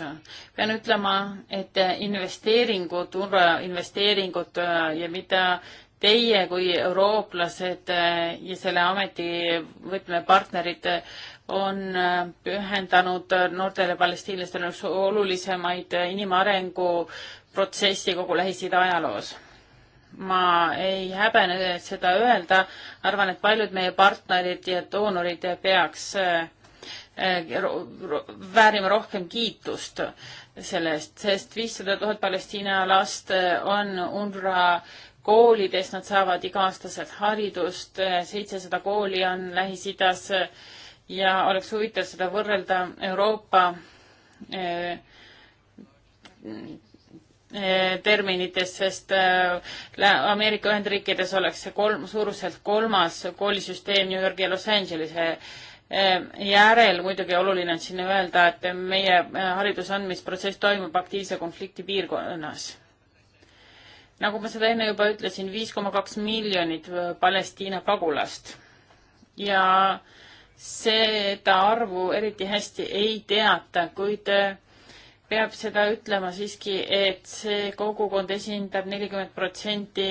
pean ütlema, et investeeringud, investeeringud ja mida teie kui eurooplased äh, ja selle ameti võtmepartnerid äh, on äh, pühendanud noortele palestiinlastele üks olulisemaid inimarengu protsessi kogu Lähis-Ida ajaloos. ma ei häbene seda öelda, arvan, et paljud meie partnerid ja doonorid peaks väärima rohkem kiitust selle eest, sest viissada tuhat Palestiina last on UNRWA koolides, nad saavad iga-aastaselt haridust, seitsesada kooli on Lähis-Idas ja oleks huvitav seda võrrelda Euroopa eh, eh, terminites, sest eh, Ameerika Ühendriikides oleks see kolm, suuruselt kolmas koolisüsteem New Yorgi ja Los Angelese järel muidugi oluline on siin öelda, et meie hariduse andmisprotsess toimub aktiivse konflikti piirkonnas nagu ma seda enne juba ütlesin, viis koma kaks miljonit äh, Palestiina pagulast ja seda arvu eriti hästi ei teata, kuid äh, peab seda ütlema siiski, et see kogukond esindab nelikümmend protsenti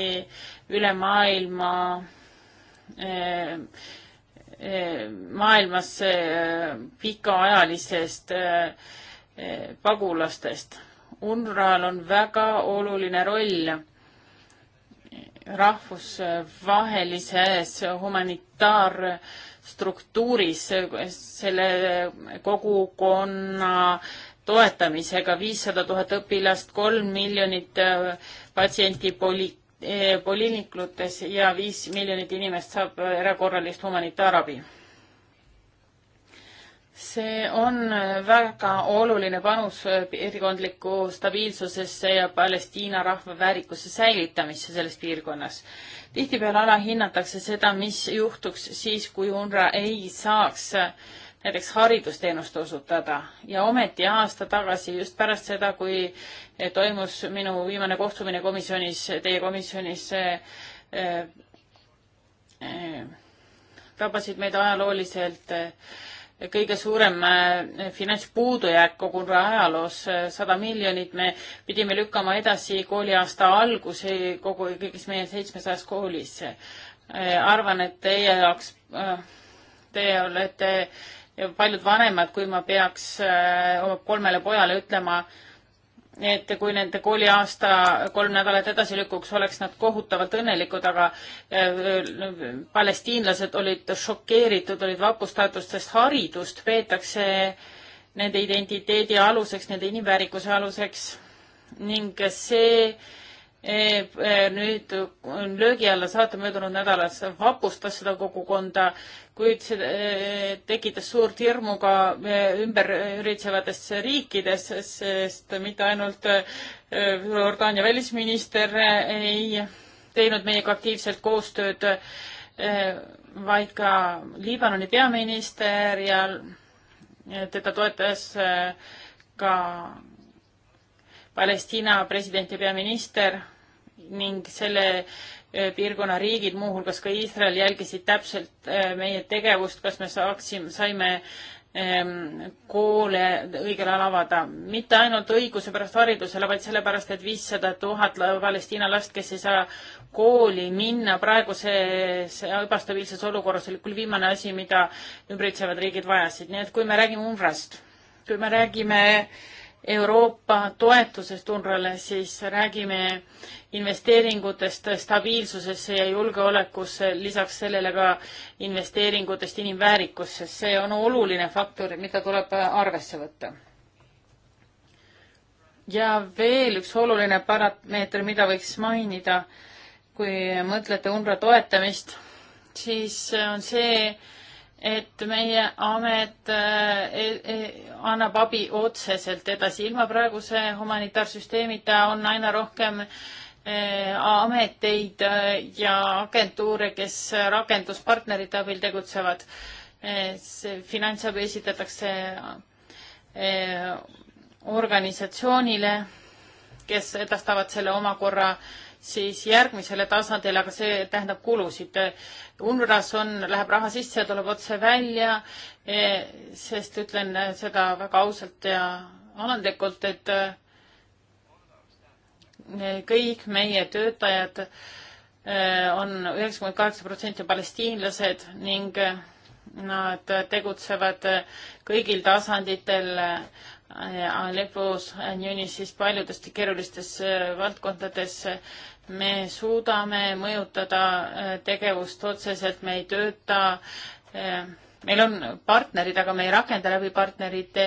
üle maailma äh, maailmas pikaajalisest pagulastest. UNRWA-l on väga oluline roll rahvusvahelises humanitaarstruktuuris selle kogukonna toetamisega viissada tuhat õpilast, kolm miljonit äh, patsienti poli-, äh, poliinikutes ja viis miljonit inimest saab erakorralist humanitaarabi see on väga oluline panus piirkondliku stabiilsusesse ja Palestiina rahva väärikuse säilitamisse selles piirkonnas. tihtipeale alahinnatakse seda, mis juhtuks siis, kui UNRWA ei saaks näiteks haridusteenust osutada ja ometi aasta tagasi, just pärast seda, kui toimus minu viimane kohtumine komisjonis, teie komisjonis äh, äh, tabasid meid ajalooliselt äh, kõige suurem äh, finantspuudujääk kogu ajaloos, äh, sada miljonit me pidime lükkama edasi kooliaasta alguse kogu, kõigis meie seitsmesajas koolis. Äh, arvan, et teie jaoks, teie olete paljud vanemad, kui ma peaks oma kolmele pojale ütlema, et kui nende kooliaasta kolm nädalat edasi lükkuks, oleks nad kohutavalt õnnelikud, aga äh, palestiinlased olid šokeeritud, olid vapustatud, sest haridust peetakse nende identiteedi aluseks, nende inimväärikuse aluseks ning see e, e, nüüd löögi alla saate möödunud nädalas vapustas seda kogukonda, kuid see eh, tekitas suurt hirmu ka eh, ümber üritsevates riikides, sest mitte ainult eh, Jordaania välisminister ei teinud meiega aktiivselt koostööd, vaid ka Liibanoni peaminister ja teda toetas ka Palestiina president ja peaminister ning selle Äh, piirkonna riigid, muuhulgas ka Iisrael, jälgisid täpselt äh, meie tegevust, kas me saaksime, saime ähm, koole õigel ajal avada. mitte ainult õiguse pärast haridusele, vaid sellepärast, et viissada tuhat Palestiina last, kes ei saa kooli minna praeguses ebastabiilses olukorras, oli küll viimane asi, mida ümbritsevad riigid vajasid. nii et kui me räägime UNRWA-st, kui me räägime äh, Euroopa toetusest UNRWA-le, siis räägime investeeringutest stabiilsusesse ja julgeolekusse, lisaks sellele ka investeeringutest inimväärikusse. see on oluline faktor, mida tuleb arvesse võtta. ja veel üks oluline parameeter, mida võiks mainida, kui mõtlete UNRWA toetamist, siis on see, et meie amet äh, e, e, annab abi otseselt edasi. ilma praeguse humanitaarsüsteemita on aina rohkem äh, ameteid äh, ja agentuure, kes rakenduspartnerite abil tegutsevad. see finantsabi esitatakse organisatsioonile, kes edastavad selle omakorra äh, siis järgmisele tasandile, aga see tähendab kulusid. UNRWA-s on, läheb raha sisse ja tuleb otse välja, e, sest ütlen seda väga ausalt ja alandlikult, et e, kõik meie töötajad e, on üheksakümmend kaheksa protsenti palestiinlased ning nad tegutsevad kõigil tasanditel Aleppos, Anionisis, paljudes keerulistes valdkondades me suudame mõjutada äh, tegevust otseselt, me ei tööta, äh, meil on partnerid, aga me ei rakenda läbi partnerite,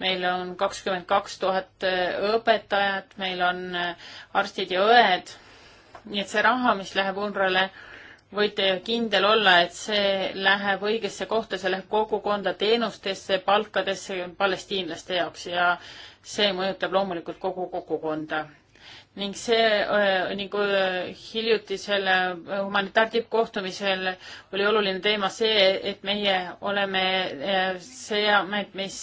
meil on kakskümmend kaks tuhat äh, õpetajat, meil on arstid ja õed, nii et see raha, mis läheb UNRWA-le, võite kindel olla, et see läheb õigesse kohta, see läheb kogukonda teenustesse, palkadesse palestiinlaste jaoks ja see mõjutab loomulikult kogu kogukonda ning see äh, ning äh, hiljutisel äh, humanitaartippkohtumisel oli oluline teema see, et meie oleme see amet, mis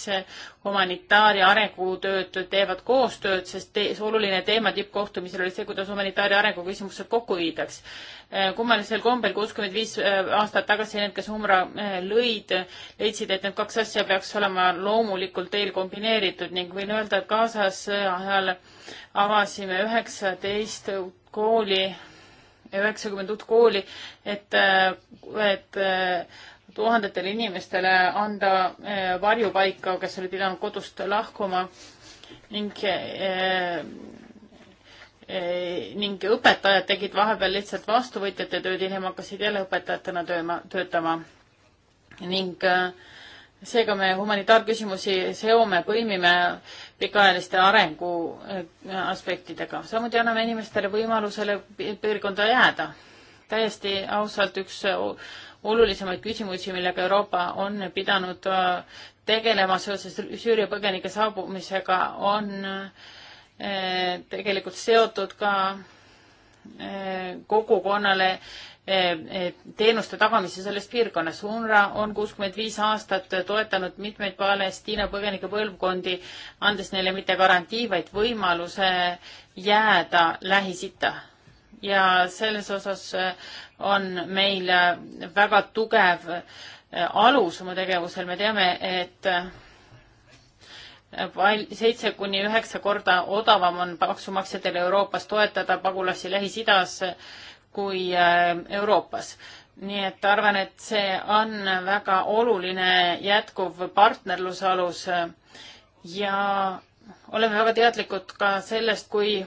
humanitaar- ja arengutööd teevad koostööd, sest te, oluline teema tippkohtumisel oli see, kuidas humanitaar- ja arenguküsimused kokku viidaks. Äh, kummalisel kombel kuuskümmend viis äh, aastat tagasi need, kes Umra äh, lõid, leidsid, et need kaks asja peaks olema loomulikul teel kombineeritud ning võin öelda, et kaasas ajal avasime üheksateist uut kooli, üheksakümmend uut kooli, et, et tuhandetele inimestele anda varjupaika, kes olid pidanud kodust lahkuma ning Eh, ning õpetajad tegid vahepeal lihtsalt vastuvõtjate tööd, hiljem hakkasid jälle õpetajatena tööma, töötama. ning eh, seega me humanitaarküsimusi seome, põimime pikaajaliste arengu eh, aspektidega. samuti anname inimestele võimalusele piirkonda jääda. täiesti ausalt üks olulisemaid küsimusi, millega Euroopa on pidanud tegelema seoses Süüria põgenike saabumisega, on äh, Eh, tegelikult seotud ka eh, kogukonnale eh, teenuste tagamise selles piirkonnas. UNRWA on kuuskümmend viis aastat toetanud mitmeid Palestiina põgenike põlvkondi, andes neile mitte garantii, vaid võimaluse jääda Lähis-Itta. ja selles osas on meil väga tugev alus oma tegevusel, me teame, et seitse kuni üheksa korda odavam on maksumaksjatel Euroopas toetada pagulasi Lähis-Idas kui äh, Euroopas. nii et arvan, et see on väga oluline jätkuv partnerluse alus äh, ja oleme väga teadlikud ka sellest, kui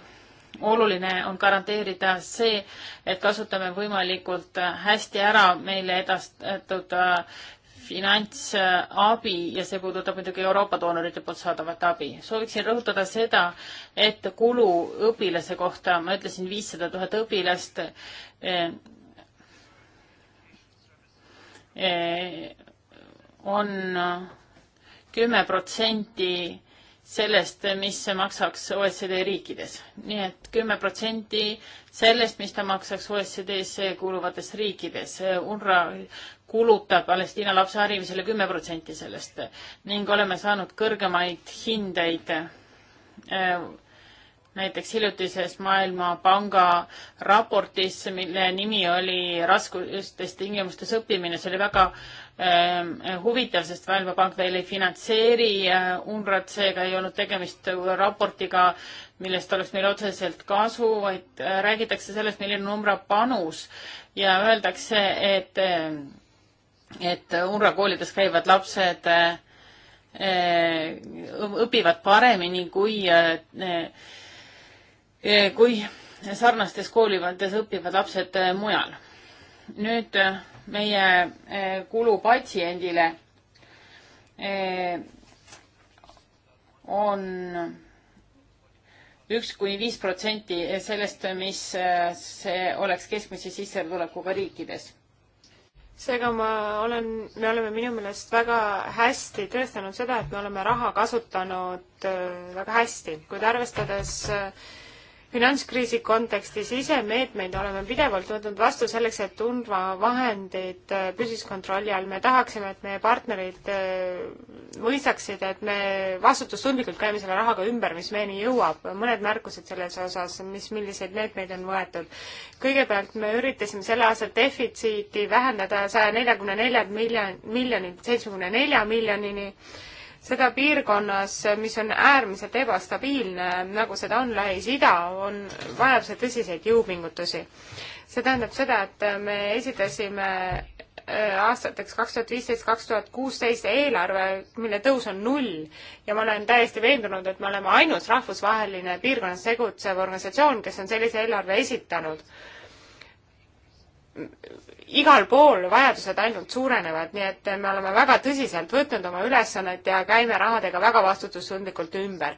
oluline on garanteerida see, et kasutame võimalikult äh, hästi ära meile edastatud finantsabi ja see puudutab muidugi Euroopa doonorite poolt saadavat abi. sooviksin rõhutada seda, et kulu õpilase kohta, ma ütlesin viissada tuhat õpilast eh,, eh, on kümme protsenti sellest, mis maksaks OECD riikides. nii et kümme protsenti sellest, mis ta maksaks OECD-sse kuuluvates riikides. UNRWA kulutab Palestiina lapse harimisele kümme protsenti sellest ning oleme saanud kõrgemaid hindeid äh, näiteks hiljutises Maailmapanga raportis, mille nimi oli raskustes tingimustes õppimine, see oli väga äh, huvitav, sest Maailmapank veel ei finantseeri äh, UNRWA-d, seega ei olnud tegemist raportiga, millest oleks meil otseselt kasu, vaid äh, räägitakse sellest, milline on UNRWA panus ja öeldakse, et äh, et UNRWA koolides käivad lapsed eh, õpivad paremini kui, eh, eh, kui sarnastes koolides õpivad lapsed mujal. nüüd meie kulu patsiendile on üks kuni viis protsenti sellest, mis see oleks keskmise sissetulekuga riikides seega ma olen, me oleme minu meelest väga hästi tõestanud seda, et me oleme raha kasutanud äh, väga hästi, kuid arvestades äh, finantskriisi kontekstis ise meetmeid oleme pidevalt võtnud vastu selleks, et turvavahendid äh, püsis kontrolli all. me tahaksime, et meie partnerid äh, mõistaksid, et me vastutustundlikult käime selle rahaga ümber, mis meieni jõuab. mõned märkused selles osas, mis, milliseid meetmeid on võetud. kõigepealt me üritasime selle aasta defitsiiti vähendada saja neljakümne neljalt miljon, miljonilt seitsmekümne nelja miljonini, miljonini seda piirkonnas, mis on äärmiselt ebastabiilne, nagu seda on Lähis-Ida, on, vajab see tõsiseid jõupingutusi. see tähendab seda, et me esitasime äh, aastateks kaks tuhat viisteist, kaks tuhat kuusteist eelarve, mille tõus on null ja ma olen täiesti veendunud, et me oleme ainus rahvusvaheline piirkonnas tegutsev organisatsioon, kes on sellise eelarve esitanud igal pool vajadused ainult suurenevad, nii et me oleme väga tõsiselt võtnud oma ülesannet ja käime rahadega väga vastutustundlikult ümber.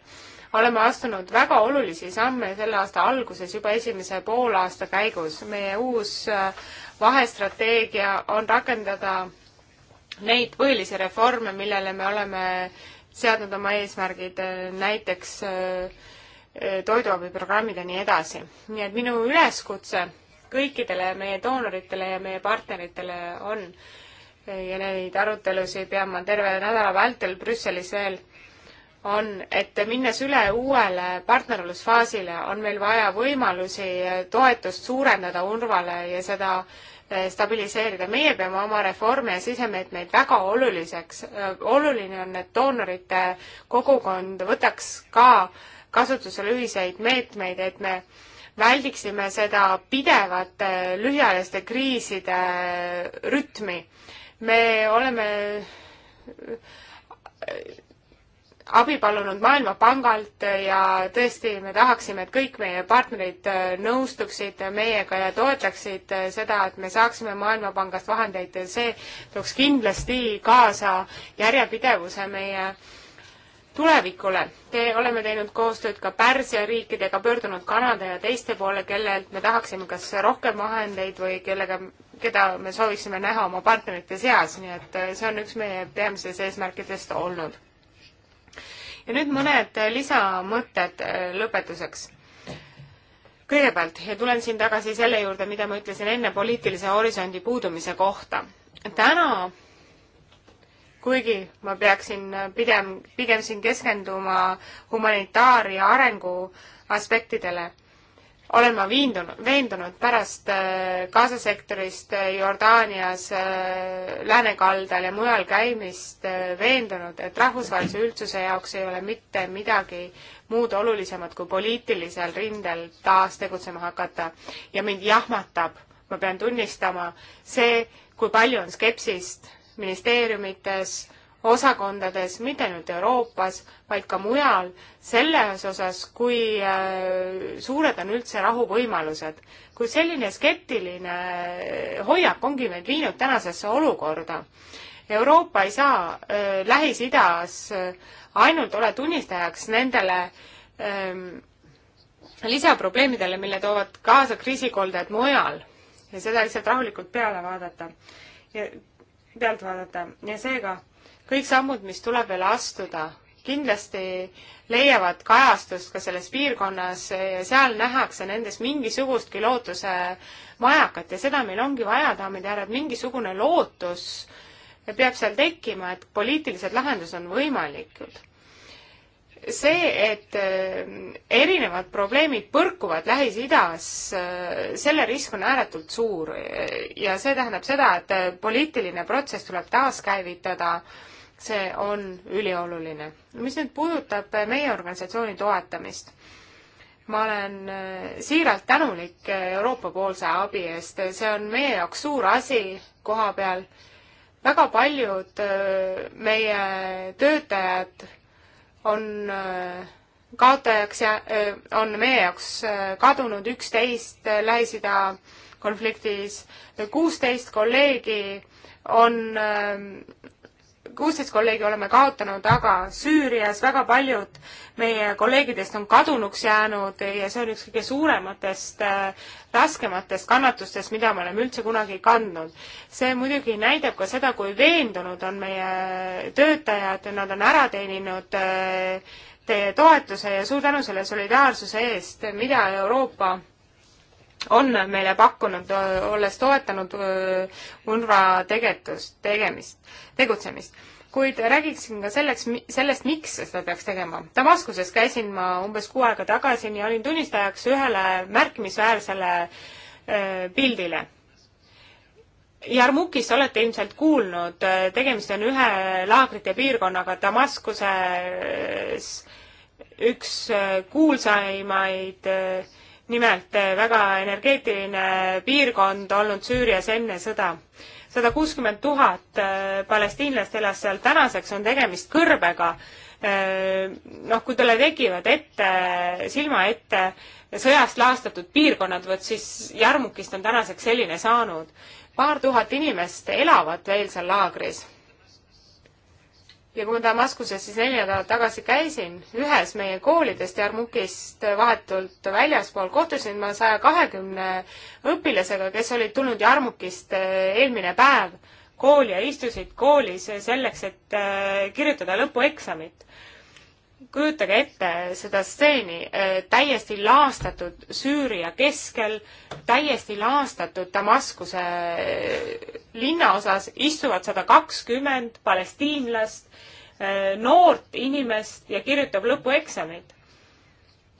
oleme astunud väga olulisi samme selle aasta alguses juba esimese poolaasta käigus. meie uus äh, vahestrateegia on rakendada neid põhilisi reforme, millele me oleme seadnud oma eesmärgid, äh, näiteks äh, toiduabiprogrammid ja nii edasi. nii et minu üleskutse kõikidele meie doonoritele ja meie partneritele on. ja neid arutelusid pean ma terve nädala vältel Brüsselis veel, on, et minnes üle uuele partnerlusfaasile, on meil vaja võimalusi toetust suurendada Urvale ja seda eh, stabiliseerida. meie peame oma reforme ja sisemeetmeid väga oluliseks. oluline on, et doonorite kogukond võtaks ka kasutusele ühiseid meetmeid, et me äh, väldiksime seda pidevate lühiajaliste kriiside rütmi. me oleme äh, abi palunud Maailmapangalt ja tõesti, me tahaksime, et kõik meie partnerid äh, nõustuksid meiega ja toetaksid äh, seda, et me saaksime Maailmapangast vahendeid, see tooks kindlasti kaasa järjepidevuse meie äh, tulevikule. Te oleme teinud koostööd ka Pärsia riikidega, pöördunud Kanada ja teiste poole, kellelt me tahaksime kas rohkem vahendeid või kellega, keda me sooviksime näha oma partnerite seas, nii et äh, see on üks meie peamisest eesmärkidest olnud. ja nüüd mõned äh, lisamõtted äh, lõpetuseks kõigepealt ja tulen siin tagasi selle juurde, mida ma ütlesin enne poliitilise horisondi puudumise kohta. täna kuigi ma peaksin äh, pigem, pigem siin keskenduma humanitaar- ja arengu aspektidele, olen ma viindunud, veendunud pärast äh, Gaza sektorist äh, Jordaanias, läänekaldal ja mujal käimist veendunud, et rahvusvahelise üldsuse jaoks ei ole mitte midagi muud olulisemat kui poliitilisel rindel taas tegutsema hakata. ja mind jahmatab, ma pean tunnistama, see, kui palju on skepsist ministeeriumites, osakondades, mitte ainult Euroopas, vaid ka mujal, selles osas, kui äh, suured on üldse rahuvõimalused. kui selline skeptiline äh, hoiak ongi meid viinud tänasesse olukorda. Euroopa ei saa äh, Lähis-Idas äh, ainult ole tunnistajaks nendele ähm, lisaprobleemidele, mille toovad kaasa kriisikolded mujal ja seda lihtsalt rahulikult peale vaadata. ja pealt vaadata ja seega kõik sammud, mis tuleb veel astuda, kindlasti leiavad kajastust ka selles piirkonnas ja seal nähakse nendes mingisugustki lootuse majakat ja seda meil ongi vaja, daamid ja härrad, mingisugune lootus peab seal tekkima, et poliitilised lahendused on võimalikud see, et äh, erinevad probleemid põrkuvad Lähis-Idas, äh, selle risk on ääretult suur ja see tähendab seda, et äh, poliitiline protsess tuleb taaskäivitada, see on ülioluline. mis nüüd puudutab meie organisatsiooni toetamist, ma olen siiralt tänulik Euroopa-poolse abi eest, see on meie jaoks suur asi koha peal, väga paljud meie töötajad on äh, kaotajaks ja äh, on meie jaoks äh, kadunud üksteist Lähis-Ida konfliktis, kuusteist kolleegi on kuusteist kolleegi oleme kaotanud, aga Süürias väga paljud meie kolleegidest on kadunuks jäänud ja see on üks kõige suurematest äh, raskematest kannatustest, mida me oleme üldse kunagi kandnud. see muidugi näitab ka seda, kui veendunud on meie töötajad, nad on ära teeninud äh, teie toetuse ja suur tänu selle solidaarsuse eest, mida Euroopa on meile pakkunud, olles toetanud UNRWA tegetust, tegemist, tegutsemist. kuid räägiksin ka selleks, sellest, miks seda peaks tegema. Damaskuses käisin ma umbes kuu aega tagasi ja olin tunnistajaks ühele märkimisväärsele pildile Jarmukist olete ilmselt kuulnud, tegemist on ühe laagrite piirkonnaga Damaskuses, üks kuulsaimaid äh, nimelt eh, väga energeetiline piirkond olnud Süürias enne sõda. sada kuuskümmend tuhat eh, palestiinlast elas seal, tänaseks on tegemist kõrbega. Eh, noh, kui talle tekivad ette, silma ette sõjast laastatud piirkonnad, vot siis Jarmukist on tänaseks selline saanud. paar tuhat inimest elavad veel seal laagris ja kui ma Damaskuses siis neli nädalat tagasi käisin, ühes meie koolidest Jarmukist vahetult väljaspool, kohtusin ma saja kahekümne õpilasega, kes olid tulnud Jarmukist eh, eelmine päev kooli ja istusid koolis selleks, et eh, kirjutada lõpueksamit kujutage ette seda stseeni äh,, täiesti laastatud Süüria keskel, täiesti laastatud Damaskuse äh, linnaosas istuvad sada kakskümmend palestiinlast äh,, noort inimest ja kirjutab lõpueksamit.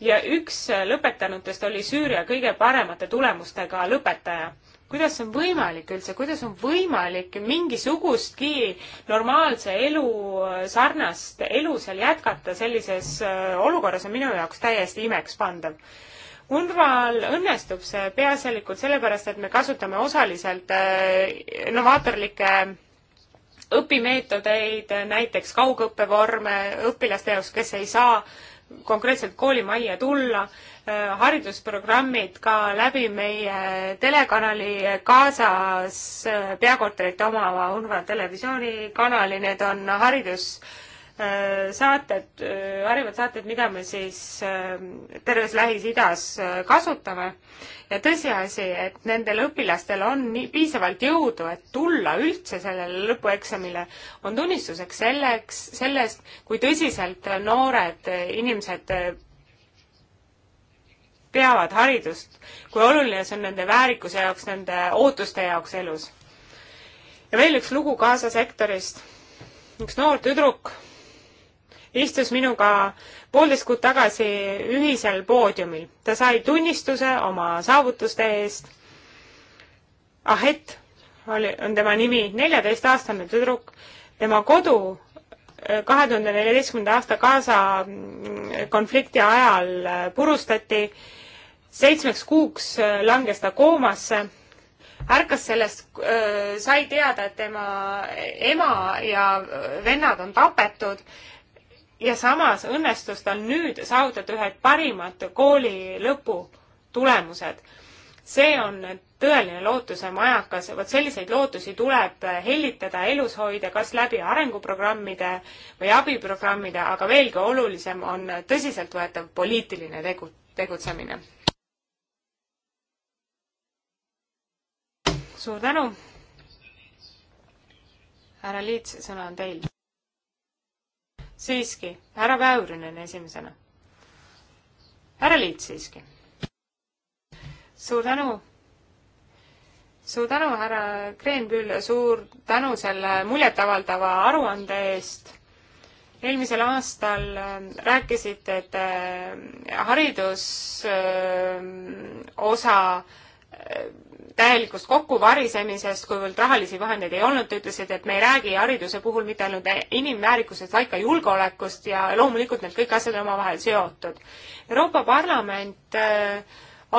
ja üks äh, lõpetanutest oli Süüria kõige paremate tulemustega lõpetaja kuidas on võimalik üldse, kuidas on võimalik mingisugustki normaalse elu äh, sarnast elu seal jätkata sellises äh, olukorras, on minu jaoks täiesti imekspandav. UNRWA-l õnnestub see peaasjalikult sellepärast, et me kasutame osaliselt äh, innovaatorlikke õpimeetodeid, näiteks kaugõppevorme õpilaste jaoks, kes ei saa konkreetselt koolimajja tulla Äh, haridusprogrammid ka läbi meie telekanali Gazas äh, peakorterite omava UNRWA televisioonikanali, need on haridussaated, äh, harivad saated, mida me siis terves Lähis-Idas kasutame. ja tõsiasi, et nendel õpilastel on nii piisavalt jõudu, et tulla üldse sellele lõpueksamile, on tunnistuseks selleks, sellest, kui tõsiselt noored inimesed peavad haridust, kui oluline see on nende väärikuse jaoks, nende ootuste jaoks elus. ja veel üks lugu Gaza sektorist. üks noor tüdruk istus minuga poolteist kuud tagasi ühisel poodiumil. ta sai tunnistuse oma saavutuste eest. Ahet oli, on tema nimi, neljateistaastane tüdruk. tema kodu eh, kahe tuhande neljateistkümnenda aasta Gaza mm, konflikti ajal eh, purustati seitsmeks kuuks äh, langes ta koomasse, ärkas sellest, äh, sai teada, et tema ema ja äh, vennad on tapetud ja samas õnnestus tal nüüd saavutada ühed parimad kooli lõputulemused. see on tõeline lootusemajakas, vot selliseid lootusi tuleb hellitada, elus hoida, kas läbi arenguprogrammide või abiprogrammide, aga veelgi olulisem on tõsiseltvõetav poliitiline tegu, tegutsemine suur tänu. härra Liits, sõna on teil. siiski, härra Väürinen esimesena. härra Liits siiski. suur tänu. suur tänu, härra Kreenbüll, suur tänu selle muljetavaldava aruande eest eelmisel aastal ähm, rääkisite, et äh, haridus ähm, osa täielikust kokkuvarisemisest, kuivõrd rahalisi vahendeid ei olnud, te ütlesite, et me ei räägi hariduse puhul mitte ainult inimväärikusest, vaid ka julgeolekust ja loomulikult need kõik asjad on omavahel seotud. Euroopa Parlament äh,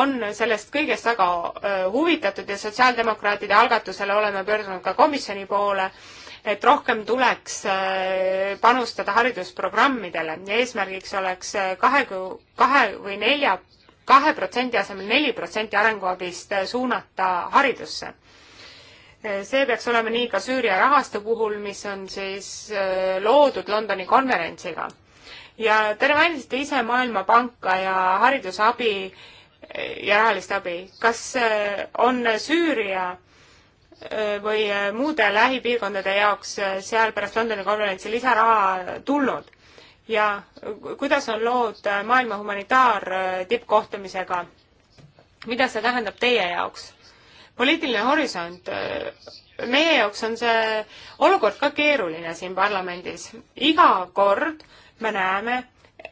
on sellest kõigest väga äh, huvitatud ja sotsiaaldemokraatide algatusele oleme pöördunud ka komisjoni poole, et rohkem tuleks äh, panustada haridusprogrammidele ja eesmärgiks oleks kahe, kahe või nelja kahe protsendi asemel neli protsenti arenguabist suunata haridusse. see peaks olema nii ka Süüria rahastu puhul, mis on siis äh, loodud Londoni konverentsiga. ja te mainisite ise Maailmapanka ja haridusabi äh, ja rahalist abi. kas äh, on Süüria või muude lähipiirkondade jaoks seal pärast Londoni konverentsi lisaraha tulnud? ja kuidas on lood maailma humanitaartippkohtumisega? Äh, mida see tähendab teie jaoks? poliitiline horisont, äh, meie jaoks on see olukord ka keeruline siin parlamendis. iga kord me näeme,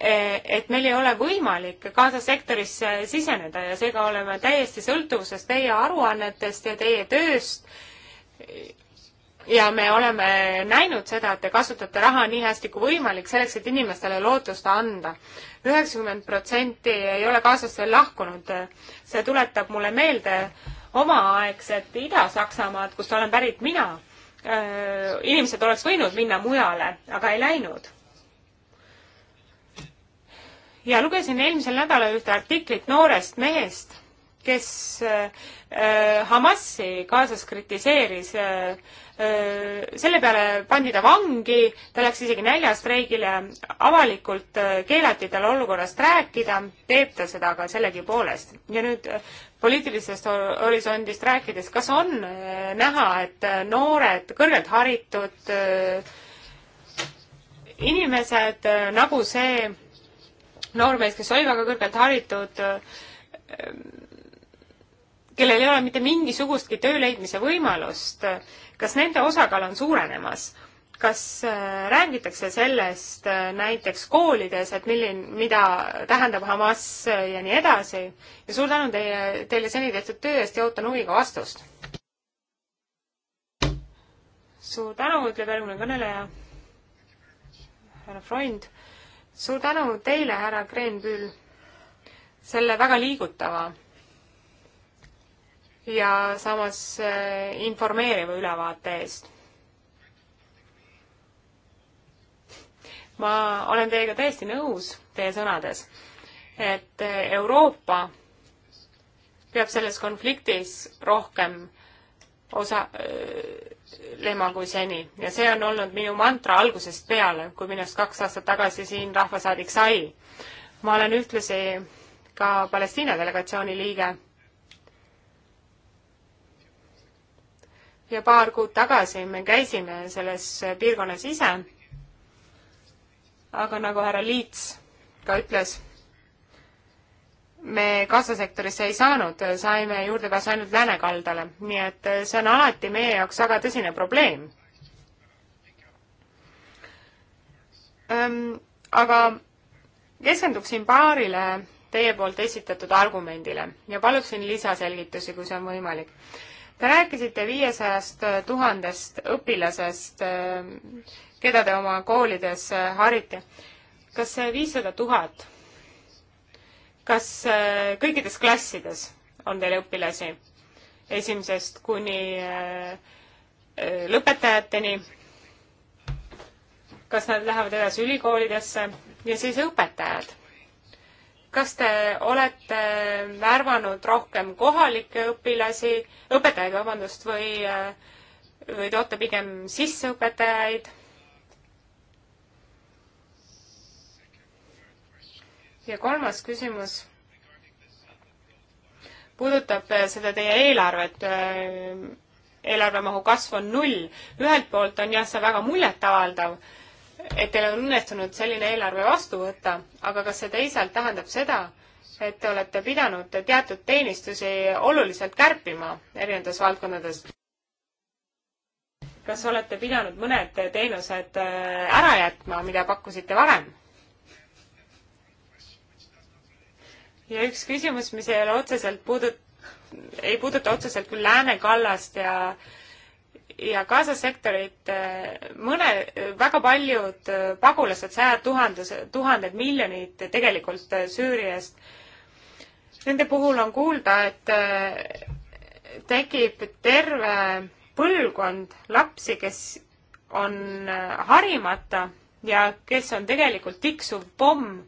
e, et meil ei ole võimalik Gaza sektorisse siseneda ja seega oleme täiesti sõltuvuses teie aruannetest ja teie tööst ja me oleme näinud seda, et te kasutate raha nii hästi kui võimalik selleks, et inimestele lootust anda. üheksakümmend protsenti ei ole Gazost veel lahkunud. see tuletab mulle meelde omaaegset Ida-Saksamaad, kust olen pärit mina. Äh, inimesed oleks võinud minna mujale, aga ei läinud ja lugesin eelmisel nädalal ühte artiklit noorest mehest, kes äh, Hamasi kaasas kritiseeris äh, Äh, selle peale pandi ta vangi, ta läks isegi näljastreigile, avalikult äh, keelati tal olukorrast rääkida, teeb ta seda aga sellegipoolest. ja nüüd äh, poliitilisest horisondist rääkides, kas on näha, et noored, kõrgelt haritud inimesed, nagu see noormees, kes oli väga kõrgelt haritud, kellel ei ole mitte mingisugustki töö leidmise võimalust, kas nende osakaal on suurenemas? kas äh, räägitakse sellest äh, näiteks koolides, et milline, mida tähendab Hamas äh, ja nii edasi ja suur tänu teie, teile seni tehtud töö eest ja ootan huviga vastust. suur tänu, ütleb järgmine kõneleja, härra Freund. suur tänu teile, härra Kreenbühl, selle väga liigutava ja samas äh, informeeriva ülevaate eest. ma olen teiega täiesti nõus teie sõnades, et äh, Euroopa peab selles konfliktis rohkem osa äh, lema kui seni ja see on olnud minu mantra algusest peale, kui minust kaks aastat tagasi siin rahvasaadik sai. ma olen ühtlasi ka Palestiina delegatsiooni liige ja paar kuud tagasi me käisime selles piirkonnas ise. aga nagu härra Liits ka ütles, me kassasektorisse ei saanud, saime juurdepääsu ainult läänekaldale, nii et see on alati meie jaoks väga tõsine probleem ähm,. aga keskenduksin paarile teie poolt esitatud argumendile ja paluksin lisaselgitusi, kui see on võimalik. Te rääkisite viiesajast tuhandest õpilasest, keda te oma koolides harite. kas see viissada tuhat, kas äh, kõikides klassides on teil õpilasi esimesest kuni äh, äh, lõpetajateni? kas nad lähevad edasi ülikoolidesse ja siis õpetajad? kas te olete värvanud rohkem kohalikke õpilasi, õpetajaid, vabandust, või, või toote pigem sisseõpetajaid? ja kolmas küsimus puudutab seda teie eelarvet, eelarvemahu kasv on null. ühelt poolt on jah, see väga muljetavaldav et teil on õnnestunud selline eelarve vastu võtta, aga kas see teisalt tähendab seda, et te olete pidanud teatud teenistusi oluliselt kärpima erinevates valdkondades? kas olete pidanud mõned teenused äh, ära jätma, mida pakkusite varem? ja üks küsimus, mis ei ole otseselt puudut-, ei puuduta otseselt küll Lääne kallast ja äh, ja Gaza sektorit äh, mõne, väga paljud äh, pagulased, sajad tuhandesed, tuhanded miljonid tegelikult äh, Süüriast. Nende puhul on kuulda, et tekib terve põlvkond lapsi, kes on harimata ja kes on tegelikult tiksuv pomm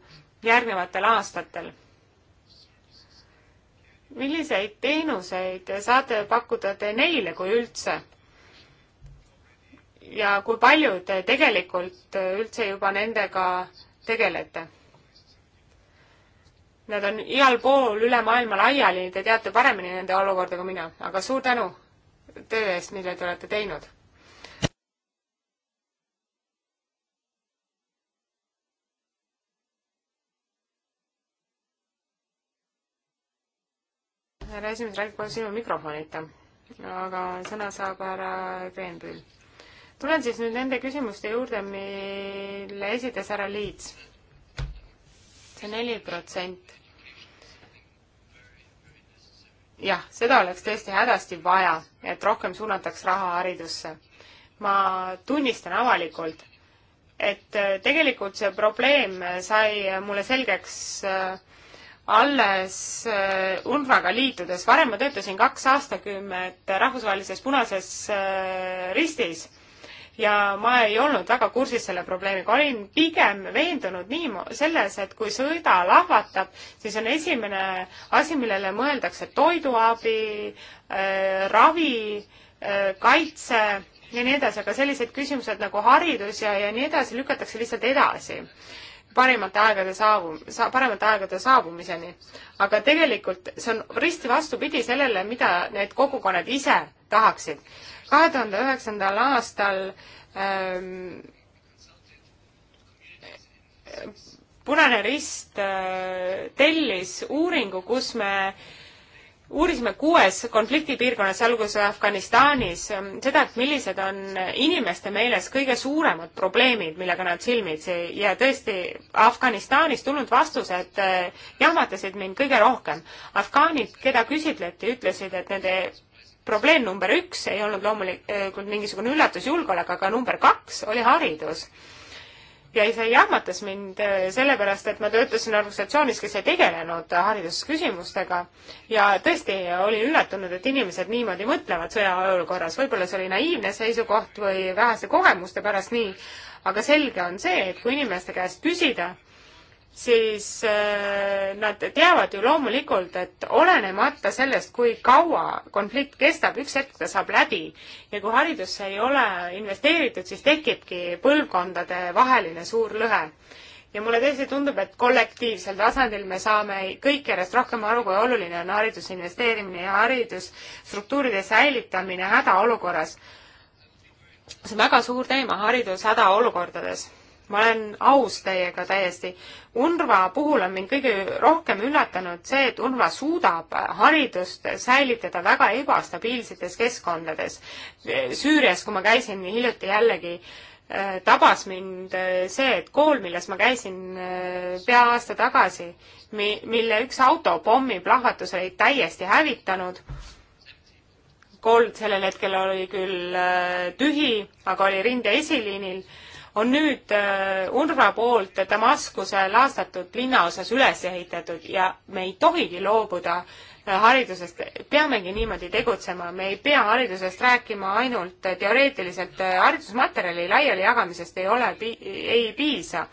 järgnevatel aastatel milliseid teenuseid saate pakkuda te neile, kui üldse? ja kui palju te tegelikult üldse juba nendega tegelete? Nad on igal pool üle maailma laiali, te teate paremini nende olukorda kui mina, aga suur tänu töö eest, mille te olete teinud. härra esimees räägib kohe sinu mikrofonita, aga sõna saab härra Kreenbühl tulen siis nüüd nende küsimuste juurde, mille esitas härra Liits. see neli protsenti jah, seda oleks tõesti hädasti vaja, et rohkem suunataks raha haridusse. ma tunnistan avalikult, et äh, tegelikult see probleem sai mulle selgeks äh, alles äh, UNRWA-ga liitudes, varem ma töötasin kaks aastakümmet Rahvusvahelises Punases Ristis ja ma ei olnud väga kursis selle probleemiga, olin pigem veendunud nii selles, et kui sõda lahvatab, siis on esimene asi, millele mõeldakse toiduabi äh,, ravi äh,, kaitse ja nii edasi, aga sellised küsimused nagu haridus ja, ja nii edasi lükatakse lihtsalt edasi parimate aegade saabu-, sa-, paremate aegade saabumiseni. aga tegelikult see on risti vastupidi sellele, mida need kogukonnad ise tahaksid kahe tuhande üheksandal aastal ähm, Punane Rist äh, tellis uuringu, kus me uurisime kuues konfliktipiirkonnas, alguses Afganistanis, ähm, seda, et millised on inimeste meeles kõige suuremad probleemid, millega nad silmitsi ja tõesti Afganistanis tulnud vastused äh, jahmatasid mind kõige rohkem. afgaanid, keda küsitleti, ütlesid, et nende probleem number üks ei olnud loomulikult mingisugune üllatus julgeolek, aga number kaks oli haridus. ja see jahmatas mind äh, sellepärast, et ma töötasin organisatsioonis, kes ei tegelenud äh, haridusküsimustega ja tõesti olin üllatunud, et inimesed niimoodi mõtlevad sõjaolukorras, võib-olla see oli naiivne seisukoht või vähese kogemuste pärast nii, aga selge on see, et kui inimeste käest küsida, siis äh, nad teavad ju loomulikult, et olenemata sellest, kui kaua konflikt kestab, üks hetk ta saab läbi ja kui haridusse ei ole investeeritud, siis tekibki põlvkondade vaheline suur lõhe. ja mulle tõesti tundub, et kollektiivsel tasandil me saame kõik järjest rohkem aru, kui oluline on haridusse investeerimine ja haridusstruktuuride säilitamine hädaolukorras. see on väga suur teema haridus hädaolukordades ma olen aus teiega täiesti. UNRWA puhul on mind kõige rohkem üllatanud see, et UNRWA suudab haridust säilitada väga ebastabiilsetes keskkondades. Süürias, kui ma käisin hiljuti jällegi, äh, tabas mind äh, see, et kool, milles ma käisin äh, pea aasta tagasi, mi-, mille üks auto pommiplahvatus oli täiesti hävitanud, kool sellel hetkel oli küll tühi, aga oli rinde esiliinil on nüüd äh, UNRWA poolt Damaskuse laastatud linnaosas üles ehitatud ja me ei tohigi loobuda äh, haridusest, peamegi niimoodi tegutsema, me ei pea haridusest rääkima ainult äh, teoreetiliselt, haridusmaterjali laialijagamisest ei ole, ei piisa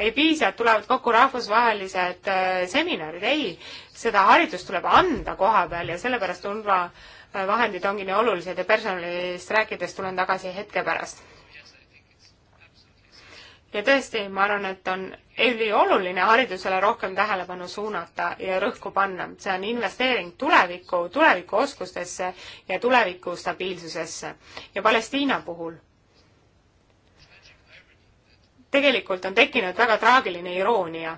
ei piisa, et tulevad kokku rahvusvahelised seminarid, ei, seda haridust tuleb anda koha peal ja sellepärast UNRWA vahendid ongi nii olulised ja personalist rääkides tulen tagasi hetke pärast ja tõesti, ma arvan, et on ülioluline haridusele rohkem tähelepanu suunata ja rõhku panna. see on investeering tulevikku, tulevikuoskustesse ja tuleviku stabiilsusesse. ja Palestiina puhul tegelikult on tekkinud väga traagiline iroonia.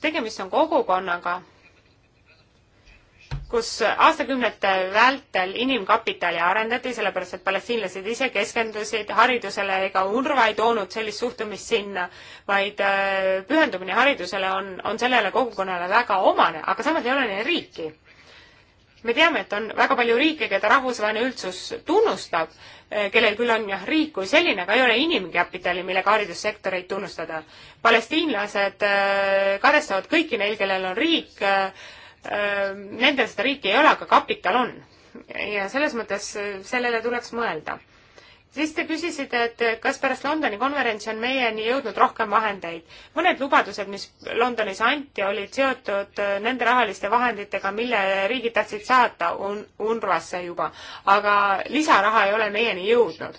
tegemist on kogukonnaga kus aastakümnete vältel inimkapitali arendati, sellepärast et palestiinlased ise keskendusid haridusele ega UNRWA ei toonud sellist suhtumist sinna, vaid äh, pühendumine haridusele on, on sellele kogukonnale väga omane, aga samas ei ole neil riiki. me teame, et on väga palju riike, keda rahvusvaheline üldsus tunnustab, äh, kellel küll on jah riik kui selline, aga ei ole inimkapitali, millega haridussektoreid tunnustada. palestiinlased äh, kadestavad kõiki neil, kellel on riik, Äh, nendel seda riiki ei ole, aga kapital on. ja selles mõttes äh, sellele tuleks mõelda. siis te küsisite, et äh, kas pärast Londoni konverentsi on meieni jõudnud rohkem vahendeid. mõned lubadused, mis Londonis anti, olid seotud nende rahaliste vahenditega, mille riigid tahtsid saata un-, UNRWA-sse juba. aga lisaraha ei ole meieni jõudnud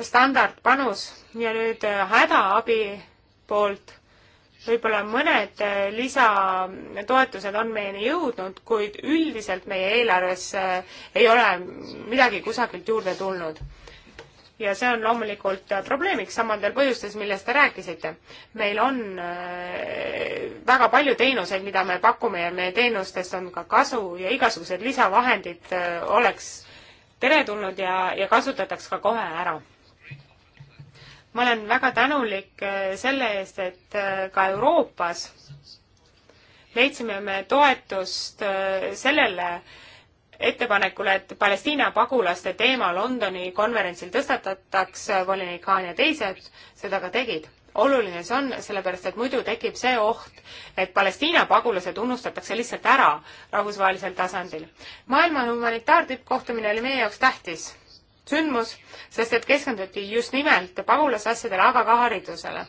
standardpanus ja nüüd hädaabi poolt võib-olla mõned äh, lisatoetused on meieni jõudnud, kuid üldiselt meie eelarvesse äh, ei ole midagi kusagilt juurde tulnud. ja see on loomulikult äh, probleemiks samadel põhjustes, millest te rääkisite. meil on väga palju teenuseid, mida me pakume ja meie teenustest on ka kasu ja igasugused lisavahendid oleks teretulnud ja, ja kasutataks ka kohe ära ma olen väga tänulik äh, selle eest, et äh, ka Euroopas leidsime me toetust äh, sellele ettepanekule, et Palestiina pagulaste teema Londoni konverentsil tõstatatakse, volinik Haan ja teised seda ka tegid. oluline see on, sellepärast et muidu tekib see oht, et Palestiina pagulased unustatakse lihtsalt ära rahvusvahelisel tasandil. maailma humanitaartippkohtumine oli meie jaoks tähtis sündmus, sest et keskenduti just nimelt pagulasasjadele, aga ka haridusele.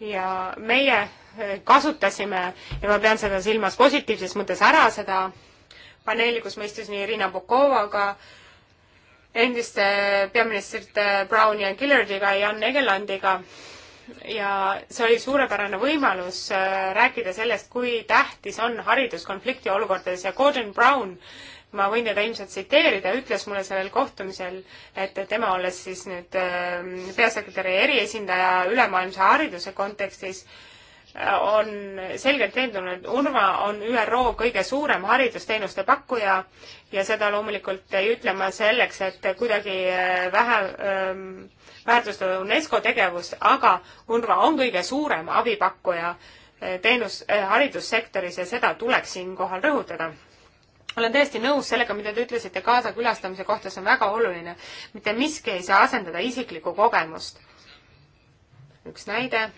ja meie eh, kasutasime ja ma pean seda silmas positiivses mõttes ära, seda paneeli, kus ma istusin Irina Bukovaga, endiste peaministrite Browni ja Killardiga, Jan Egelandiga ja see oli suurepärane võimalus eh, rääkida sellest, kui tähtis on haridus konfliktiolukordades ja Gordon Brown ma võin teda ilmselt tsiteerida, ütles mulle sellel kohtumisel, et tema, olles siis nüüd ähm, peasekretäri eriesindaja ülemaailmse hariduse kontekstis, äh, on selgelt veendunud, Urva on ÜRO kõige suurem haridusteenuste pakkuja ja seda loomulikult ei ütle ma selleks, et kuidagi äh, vähe ähm, väärtustada UNESCO tegevust, aga Urva on kõige suurem abipakkuja äh, teenus äh,, haridussektoris ja seda tuleks siinkohal rõhutada olen täiesti nõus sellega, mida te ütlesite Gaza külastamise kohta, see on väga oluline. mitte miski ei saa asendada isiklikku kogemust. üks näide.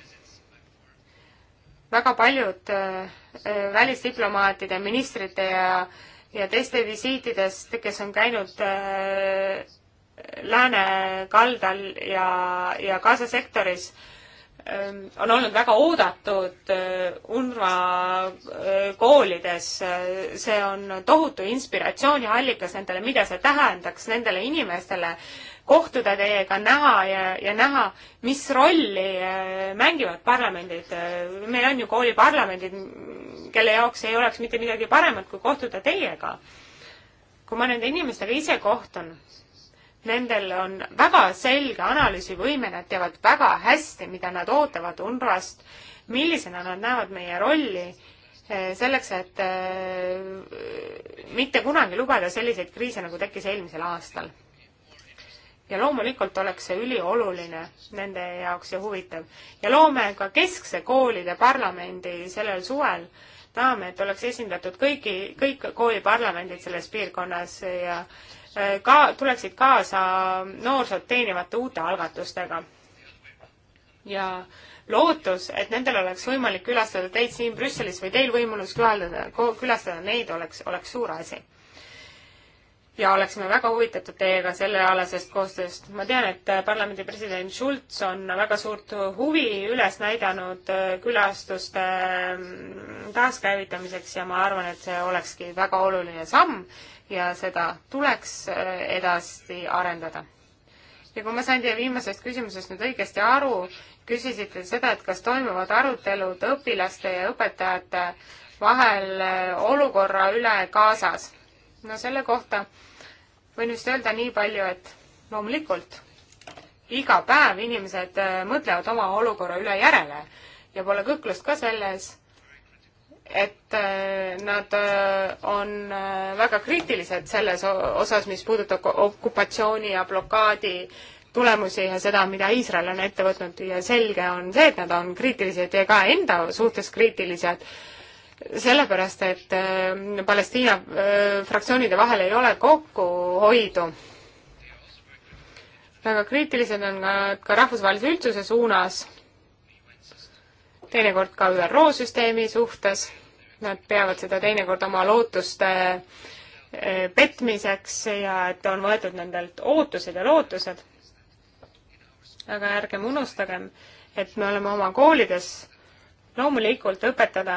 väga paljud äh, äh välisdiplomaatide, ministrite ja, ja teiste visiitidest, kes on käinud äh, lääne kaldal ja, ja Gaza sektoris äh,, Ähm, on olnud väga oodatud äh, UNRWA äh, koolides. Äh, see on tohutu inspiratsiooniallikas nendele, mida see tähendaks nendele inimestele, kohtuda teiega, näha ja, ja näha, mis rolli mängivad parlamendid. meil on ju kooliparlamendid, kelle jaoks ei oleks mitte midagi paremat, kui kohtuda teiega. kui ma nende inimestega ise kohtun, nendel on väga selge analüüsivõime, nad teavad väga hästi, mida nad ootavad UNRWA-st, millisena nad näevad meie rolli eh, selleks, et eh, mitte kunagi lubada selliseid kriise, nagu tekkis eelmisel aastal. ja loomulikult oleks see ülioluline nende jaoks ja huvitav. ja loome ka keskse koolide parlamendi sellel suvel. tahame, et oleks esindatud kõigi, kõik kooliparlamendid selles piirkonnas ja äh, Äh, ka, tuleksid kaasa noorsoolt teenivate uute algatustega. ja lootus, et nendel oleks võimalik külastada teid siin Brüsselis või teil võimalus külastada, külastada neid, oleks, oleks suur asi. ja oleksime väga huvitatud teiega sellealasest koostööst. ma tean, et äh, parlamendi president Schulz on väga suurt huvi üles näidanud äh, külastuste mm, taaskäivitamiseks ja ma arvan, et see olekski väga oluline samm ja seda tuleks äh, edasi arendada. ja kui ma sain teie viimasest küsimusest nüüd õigesti aru, küsisite seda, et kas toimuvad arutelud õpilaste ja õpetajate vahel äh, olukorra üle Gazas. no selle kohta võin vist öelda nii palju, et loomulikult iga päev inimesed äh, mõtlevad oma olukorra üle järele ja pole kõhklust ka selles et äh, nad äh, on äh, väga kriitilised selles osas, mis puudutab okupatsiooni ja blokaadi tulemusi ja seda, mida Iisrael on ette võtnud ja selge on see, et nad on kriitilised ja ka enda suhtes kriitilised, sellepärast et Palestiina fraktsioonide vahel ei ole kokkuhoidu. väga kriitilised on nad ka, ka rahvusvahelise üldsuse suunas teinekord ka ÜRO süsteemi suhtes. Nad peavad seda teinekord oma lootuste eh, petmiseks ja et on võetud nendelt ootused ja lootused. aga ärgem unustagem, et me oleme oma koolides loomulikult õpetada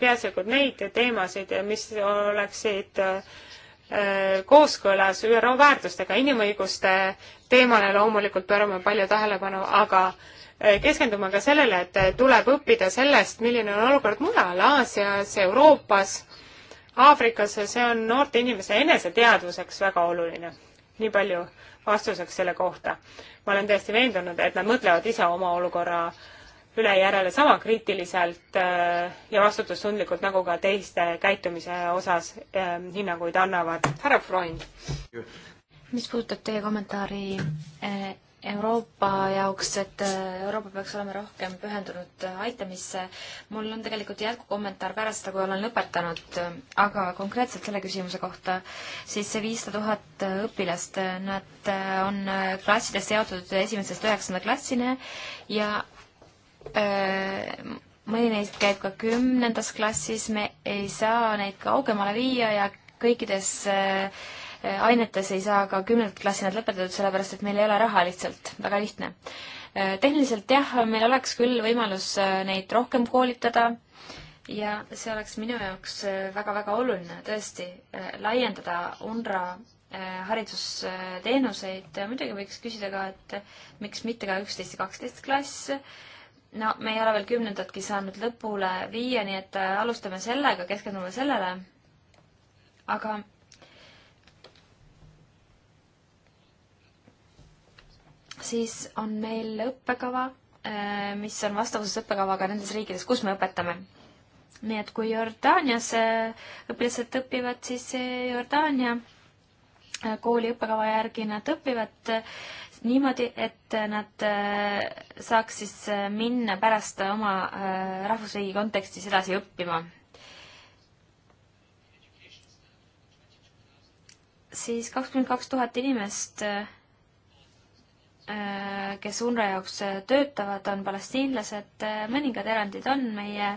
peaasjalikult neid teemasid, mis oleksid eh, kooskõlas ÜRO väärtustega, inimõiguste teemale loomulikult pöörame palju tähelepanu, aga keskenduma ka sellele, et tuleb õppida sellest, milline on olukord mujal Aasias, Euroopas, Aafrikas, see on noorte inimeste eneseteadvuseks väga oluline. nii palju vastuseks selle kohta. ma olen täiesti veendunud, et nad mõtlevad ise oma olukorra üle järele sama kriitiliselt äh, ja vastutustundlikult, nagu ka teiste käitumise osas äh, hinnanguid annavad. härra Freund mis puudutab teie kommentaari äh, Euroopa jaoks, et äh, Euroopa peaks olema rohkem pühendunud äh, aitamisse. mul on tegelikult jätkukommentaar pärast seda, kui olen lõpetanud, aga konkreetselt selle küsimuse kohta, siis see viissada tuhat äh, õpilast, nad on klassidest jaotatud esimesest üheksanda klassini ja öö, mõni neist käib ka kümnendas klassis, me ei saa neid kaugemale viia ja kõikides äh, Äh, ainetes ei saa ka kümnendat klassi nad lõpetatud, sellepärast et meil ei ole raha lihtsalt, väga lihtne. Äh, tehniliselt jah, meil oleks küll võimalus äh, neid rohkem koolitada ja see oleks minu jaoks väga-väga oluline tõesti, laiendada UNRWA haridusteenuseid, muidugi võiks küsida ka, et miks mitte ka üksteist ja kaksteist klass, no me ei ole veel kümnendatki saanud lõpule viia, nii et alustame sellega, keskendume sellele, aga siis on meil õppekava, äh, mis on vastavuses õppekavaga nendes riikides, kus me õpetame. nii et kui Jordaanias äh, õpilased õpivad, siis äh, Jordaania kooli õppekava järgi nad õpivad niimoodi, et nad saaks siis minna pärast oma rahvusriigi kontekstis edasi õppima. siis kakskümmend kaks tuhat inimest Äh, kes UNRWA jaoks äh, töötavad, on palestiinlased, äh, mõningad erandid on meie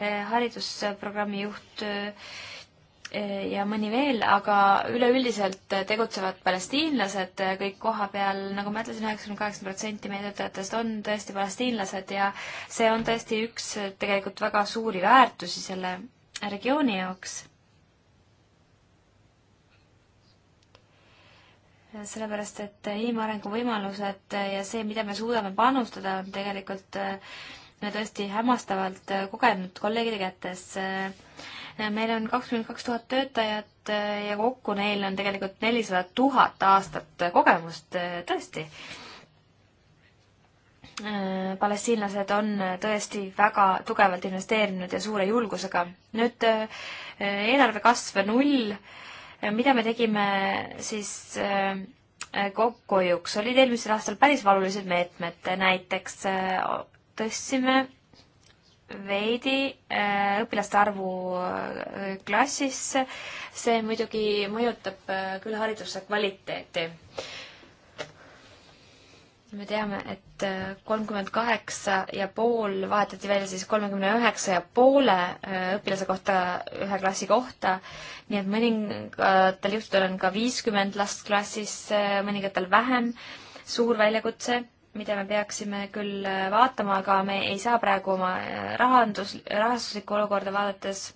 haridusprogrammi juht ja mõni veel, aga üleüldiselt tegutsevad palestiinlased kõik kohapeal, nagu ma ütlesin, üheksakümmend kaheksa protsenti meie töötajatest on tõesti palestiinlased ja see on tõesti üks tegelikult väga suuri väärtusi selle regiooni jaoks sellepärast et inimarengu võimalused ja see, mida me suudame panustada, on tegelikult äh, tõesti hämmastavalt äh, kogenud kolleegide kätes. Äh, meil on kakskümmend kaks tuhat töötajat ja kokku neil on tegelikult nelisada tuhat aastat kogemust, tõesti. palestiinlased on tõesti väga tugevalt investeerinud ja suure julgusega. nüüd eelarve kasv null mida me tegime siis äh, kokkuhoiuks, olid eelmisel aastal päris valulised meetmed, näiteks äh, tõstsime veidi äh, õpilaste arvu klassisse, see muidugi mõjutab küll hariduse kvaliteeti me teame, et äh, kolmkümmend kaheksa ja pool vahetati välja siis kolmekümne üheksa ja poole äh, õpilase kohta ühe klassi kohta, nii et mõningatel juhtudel on ka viiskümmend last klassis, äh, mõningatel vähem, suur väljakutse, mida me peaksime küll vaatama, aga me ei saa praegu oma rahandus, rahastuslikku olukorda vaadates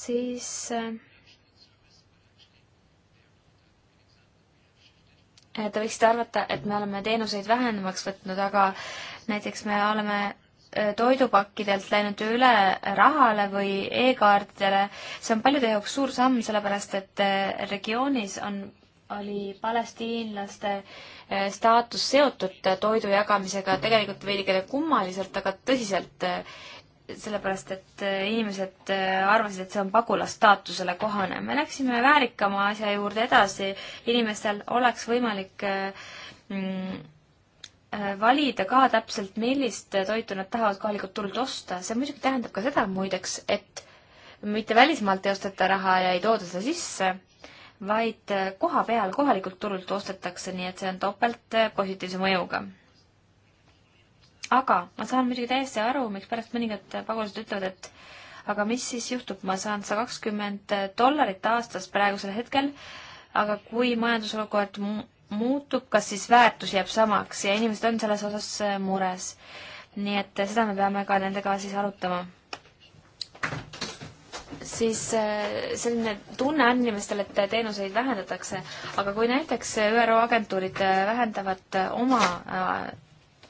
siis äh, Eh, te võiksite arvata, et me oleme teenuseid vähenemaks võtnud, aga näiteks me oleme eh, toidupakkidelt läinud üle rahale või e-kaartidele. see on paljude jaoks suur samm, sellepärast et eh, regioonis on, oli palestiinlaste staatus seotud toidu jagamisega tegelikult veidikene kummaliselt, aga tõsiselt sellepärast, et äh, inimesed äh, arvasid, et see on pagulasstaatusele kohane. me läksime väärikama asja juurde edasi, inimestel oleks võimalik äh, mm, valida ka täpselt, millist toitu nad tahavad kohalikult turult osta. see muidugi tähendab ka seda muideks, et mitte välismaalt ei osteta raha ja ei tooda seda sisse, vaid koha peal kohalikult turult ostetakse, nii et see on topelt positiivse mõjuga aga ma saan muidugi täiesti aru, mikspärast mõningad pagulased ütlevad, et aga mis siis juhtub, ma saan sada kakskümmend dollarit aastas praegusel hetkel, aga kui majandusolukord muutub, kas siis väärtus jääb samaks ja inimesed on selles osas äh, mures. nii et äh, seda me peame ka nendega siis arutama. siis äh, selline tunne on inimestel, et teenuseid vähendatakse, aga kui näiteks ÜRO agentuurid vähendavad oma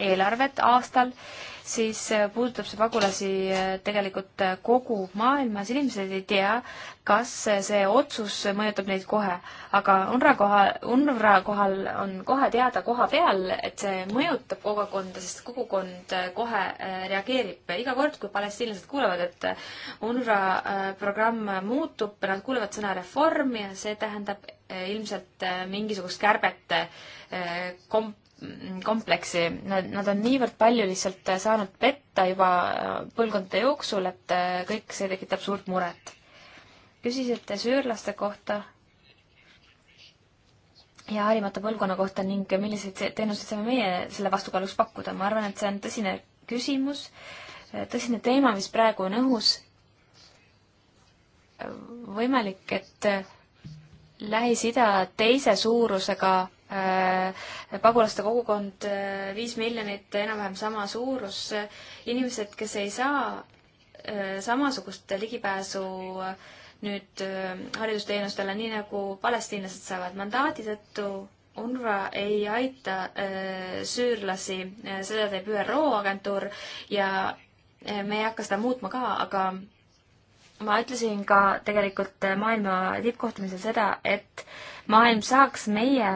eelarvet aastal, siis äh, puudutab see pagulasi äh, tegelikult äh, kogu maailmas, inimesed ei tea, kas see otsus mõjutab neid kohe. aga UNRWA koha, UNRWA kohal on kohe teada koha peal, et see mõjutab kogukonda, sest kogukond kohe reageerib. iga kord, kui palestiinlased kuulevad, et UNRWA programm muutub, nad kuulevad sõna reform ja see tähendab ilmselt mingisugust kärbet komp-, kompleksi, nad, nad on niivõrd palju lihtsalt saanud petta juba põlvkondade jooksul, et eh, kõik see tekitab suurt muret. küsisite süürlaste kohta ja harimata põlvkonna kohta ning milliseid teenuseid saame meie selle vastukaaluks pakkuda, ma arvan, et see on tõsine küsimus, tõsine teema, mis praegu on õhus. võimalik, et Lähis-Ida teise suurusega Äh, pagulaste kogukond äh, viis miljonit, enam-vähem sama suurus, inimesed, kes ei saa äh, samasugust ligipääsu nüüd haridusteenustele, nii nagu palestiinlased saavad mandaadi tõttu, UNRWA ei aita süürlasi, seda teeb ÜRO agentuur ja me ei hakka seda muutma ka, aga ma ütlesin ka tegelikult maailma tippkohtumisel seda, et maailm saaks meie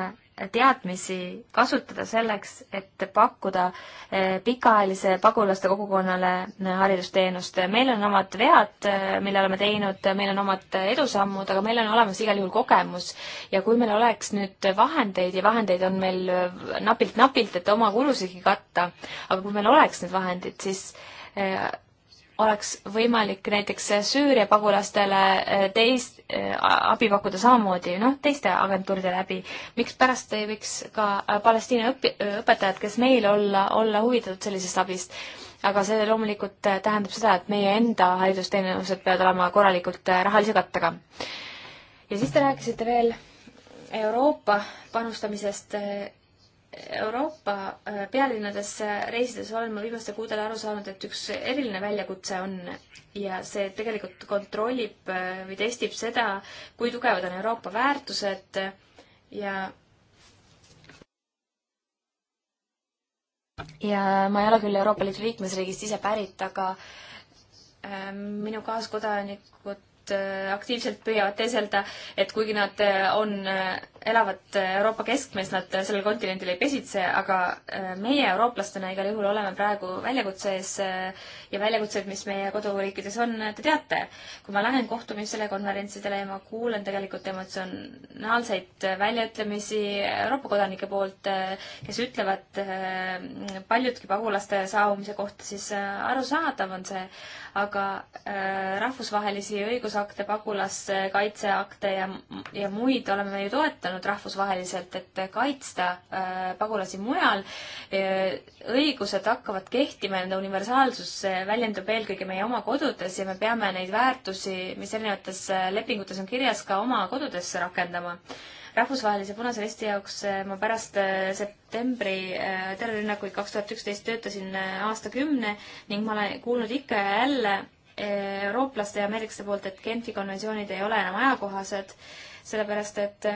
teadmisi kasutada selleks, et pakkuda eh, pikaajalise pagulaste kogukonnale eh, haridusteenust. meil on omad vead, eh, mille oleme teinud, meil on omad edusammud, aga meil on olemas igal juhul kogemus. ja kui meil oleks nüüd vahendeid ja vahendeid on meil napilt-napilt, et oma kulusidki katta, aga kui meil oleks need vahendid, siis oleks võimalik näiteks Süüria pagulastele eh, teist eh, abi pakkuda samamoodi, noh, teiste agentuuride läbi. mikspärast ei võiks ka äh, Palestiina õpi-, äh, õpetajad, kes meil olla, olla huvitatud sellisest abist? aga see loomulikult äh, tähendab seda, et meie enda haridusteenused peavad olema korralikult rahalise kattega. ja siis te rääkisite veel Euroopa panustamisest Euroopa äh, pealinnadesse reisides olen ma viimastel kuudel aru saanud, et üks eriline väljakutse on ja see tegelikult kontrollib äh, või testib seda, kui tugevad on Euroopa väärtused äh, ja ja ma ei ole küll Euroopa Liidu liikmesriigist ise pärit, aga minu kaaskodanikud Äh, aktiivselt püüavad teeselda, et kuigi nad äh, on, äh, elavad Euroopa keskmes, nad sellel kontinendil ei pesitse, aga meie eurooplastena igal juhul oleme praegu väljakutse ees ja väljakutsed, mis meie koduriikides on, te teate. kui ma lähen kohtumisele, konverentsidele ja ma kuulen tegelikult emotsionaalseid väljaütlemisi Euroopa kodanike poolt, kes ütlevad paljudki pagulaste saabumise kohta, siis arusaadav on see, aga rahvusvahelisi õigus õigusakte, pagulasse kaitseakte ja, ja muid oleme ju toetanud rahvusvaheliselt, et kaitsta äh, pagulasi mujal äh,. õigused hakkavad kehtima, nende universaalsus väljendub eelkõige meie oma kodudes ja me peame neid väärtusi, mis erinevates äh, lepingutes on kirjas, ka oma kodudesse rakendama rahvusvahelise Punase Risti jaoks äh, ma pärast äh, septembri terrorirünnakuid kaks tuhat üksteist töötasin aastakümne ning ma olen kuulnud ikka ja jälle eurooplaste ja ameeriklaste poolt, et Genfi konventsioonid ei ole enam ajakohased, sellepärast et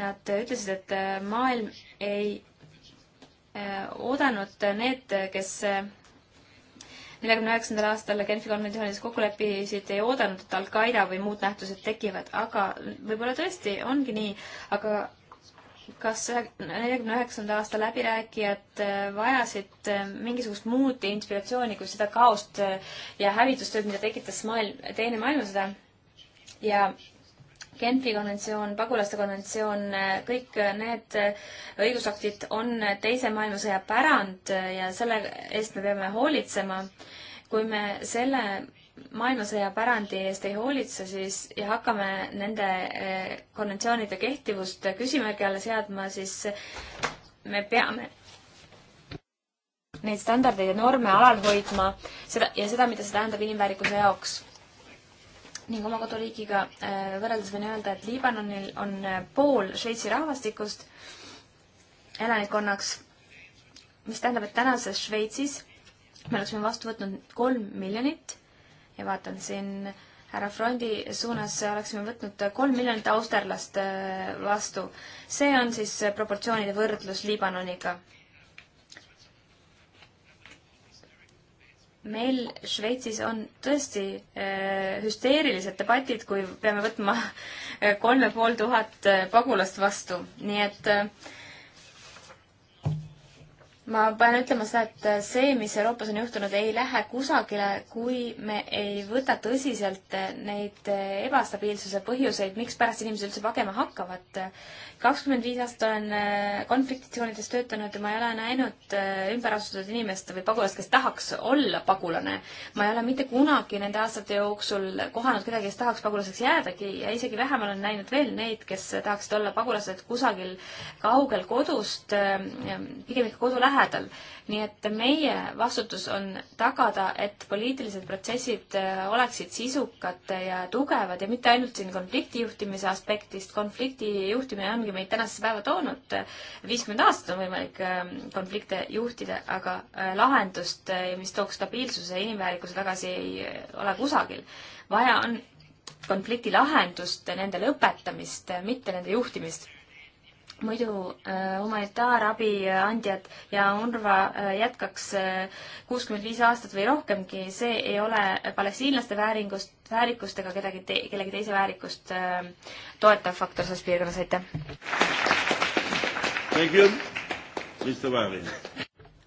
nad ütlesid, et maailm ei äh, oodanud need, kes äh, neljakümne üheksandal aastal Genfi konventsioonis kokku leppisid, ei oodanud, et Al-Qaeda või muud nähtused tekivad, aga võib-olla tõesti ongi nii, aga kas üheksakümne üheksanda aasta läbirääkijad äh, vajasid äh, mingisugust muud inspiratsiooni kui seda kaost äh, ja hävitustööd, mida tekitas maailm, teine maailmasõda ja Genfi konventsioon, pagulaste konventsioon, kõik need õigusaktid on Teise maailmasõja pärand ja selle eest me peame hoolitsema. kui me selle maailmasõja pärandi eest ei hoolitse, siis ja hakkame nende eh, konventsioonide kehtivust küsimärgi alla seadma, siis me peame neid standardeid ja norme alal hoidma, seda ja seda, mida see tähendab inimväärikuse jaoks. ning oma koduriigiga eh, võrreldes võin öelda, et Liibanonil on eh, pool Šveitsi rahvastikust elanikkonnaks, mis tähendab, et tänases Šveitsis me oleksime vastu võtnud kolm miljonit ja vaatan siin härra Frondi suunas, oleksime võtnud kolm miljonit austerlast äh, vastu. see on siis proportsioonide võrdlus Liibanoniga. meil Šveitsis on tõesti äh, hüsteerilised debatid, kui peame võtma äh, kolm ja pool tuhat pagulast vastu, nii et äh, ma pean ütlema seda, et see, mis Euroopas on juhtunud, ei lähe kusagile, kui me ei võta tõsiselt neid ebastabiilsuse põhjuseid, mikspärast inimesed üldse pagema hakkavad. kakskümmend viis aastat olen äh, konfliktitsioonides töötanud ja ma ei ole näinud äh, ümber asustatud inimest või pagulast, kes tahaks olla pagulane. ma ei ole mitte kunagi nende aastate jooksul kohanud kedagi, kes tahaks pagulaseks jäädagi ja isegi vähem olen näinud veel neid, kes tahaksid olla pagulased kusagil kaugel kodust, äh, pigem ikka kodu lähedal lähedal. nii et meie vastutus on tagada, et poliitilised protsessid äh, oleksid sisukad ja tugevad ja mitte ainult siin konflikti juhtimise aspektist. konflikti juhtimine ongi meid tänasesse päeva toonud. viiskümmend aastat on võimalik äh, konflikte juhtida, aga äh, lahendust, mis tooks stabiilsuse ja inimväärikuse tagasi, ei ole kusagil. vaja on konflikti lahendust, nende lõpetamist, mitte nende juhtimist muidu äh, humanitaarabi andjad ja UNRWA äh, jätkaks äh, kuuskümmend viis aastat või rohkemgi, see ei ole palestiinlaste vääringust, väärikust ega kedagi te,, kellegi teise väärikust toetav faktor selles piirkonnas, aitäh!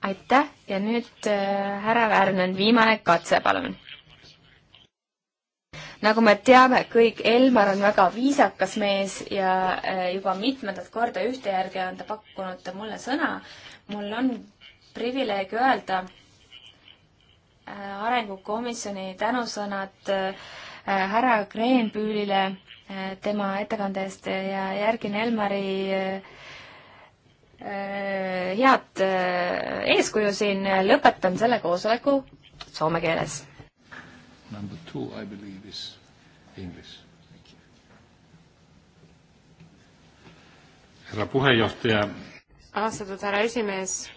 aitäh ja nüüd härra Värnen, viimane katse, palun nagu me teame kõik, Elmar on väga viisakas mees ja äh, juba mitmendat korda ühtejärgi on ta pakkunud mulle sõna. mul on privileeg öelda äh, arengukomisjoni tänusõnad äh, härra Kreenpüülile tema ettekande eest ja järgin Elmari head eeskuju siin, lõpetan selle koosoleku soome keeles Number two, I believe, is English. härra puhejuhataja. austatud härra esimees.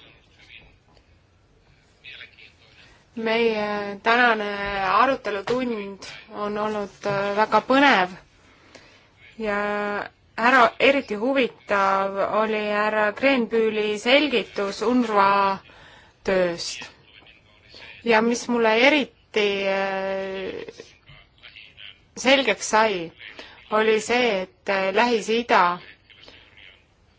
meie tänane arutelutund on olnud äh, väga põnev ja härra, eriti huvitav oli härra Kreenbüüli selgitus UNRWA tööst. ja mis mulle eriti eriti äh, selgeks sai, oli see, et äh, Lähis-Ida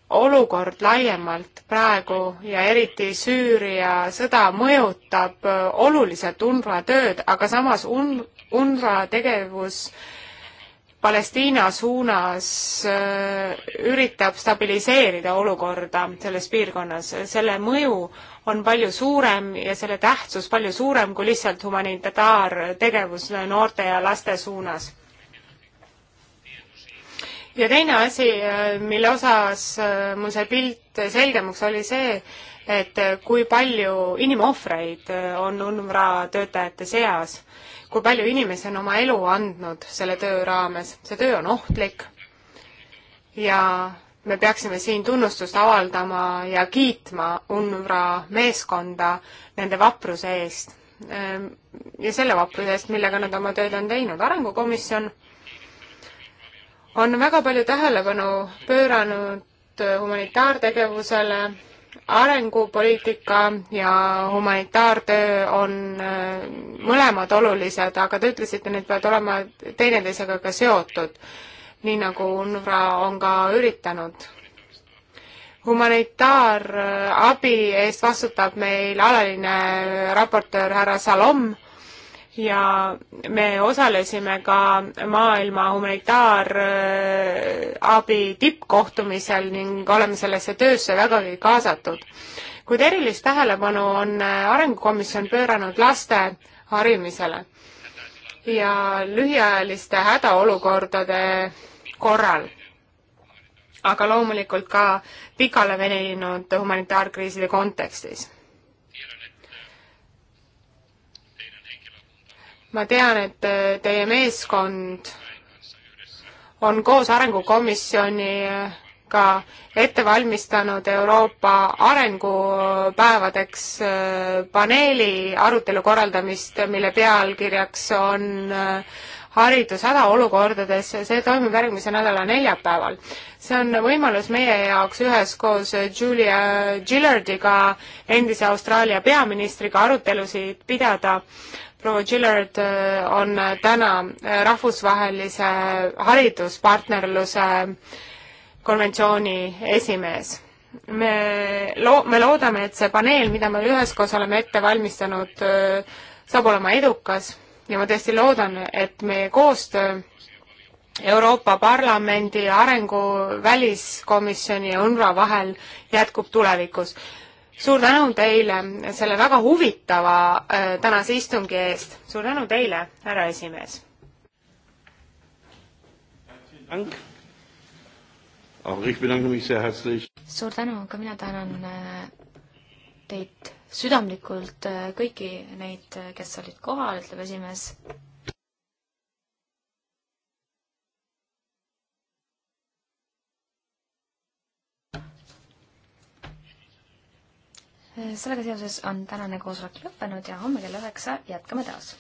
olukord laiemalt praegu ja eriti Süüria sõda mõjutab äh, oluliselt UNRWA tööd, aga samas UN-, UNRWA tegevus äh, Palestiina suunas äh, üritab stabiliseerida olukorda selles piirkonnas, selle mõju on palju suurem ja selle tähtsus palju suurem kui lihtsalt humanitaartegevus noorte ja laste suunas. ja teine asi, äh, mille osas äh, mul see pilt selgemaks oli see, et kui palju inimohvreid on UNRWA töötajate seas kui palju inimesi on oma elu andnud selle töö raames, see töö on ohtlik ja me peaksime siin tunnustust avaldama ja kiitma UNRWA meeskonda nende vapruse eest ehm, ja selle vapruse eest, millega nad oma tööd on teinud. arengukomisjon on väga palju tähelepanu pööranud humanitaartegevusele arengupoliitika ja humanitaartöö on äh, mõlemad olulised, aga te ütlesite, need peavad olema teineteisega ka seotud, nii nagu UNRWA on ka üritanud. humanitaarabi eest vastutab meil alaline raportöör härra Salom ja me osalesime ka maailma humanitaarabi tippkohtumisel ning oleme sellesse töösse vägagi kaasatud. kuid erilist tähelepanu on Arengukomisjon pööranud laste harimisele ja lühiajaliste hädaolukordade korral aga loomulikult ka pikale veninud humanitaarkriiside kontekstis ma tean, et äh, teie meeskond on koos Arengukomisjoniga äh, ette valmistanud Euroopa arengupäevadeks äh, paneeli arutelu korraldamist, mille pealkirjaks on haridus hädaolukordades, see toimub järgmise nädala neljapäeval. see on võimalus meie jaoks üheskoos Julia Gillardiga, endise Austraalia peaministriga, arutelusid pidada proua Gillard äh, on äh, täna äh, rahvusvahelise hariduspartnerluse konventsiooni esimees. me loo-, me loodame, et see paneel, mida me üheskoos oleme ette valmistanud, saab olema edukas ja ma tõesti loodan, et meie koostöö Euroopa Parlamendi arengu väliskomisjoni ja UNRWA vahel jätkub tulevikus suur tänu teile selle väga huvitava äh, tänase istungi eest. suur tänu teile, härra esimees. suur tänu, ka mina tänan äh, teid südamlikult äh, kõiki neid, kes olid kohal, ütleb esimees. sellega seoses on tänane koosolek lõppenud ja homme kell üheksa jätkame taas.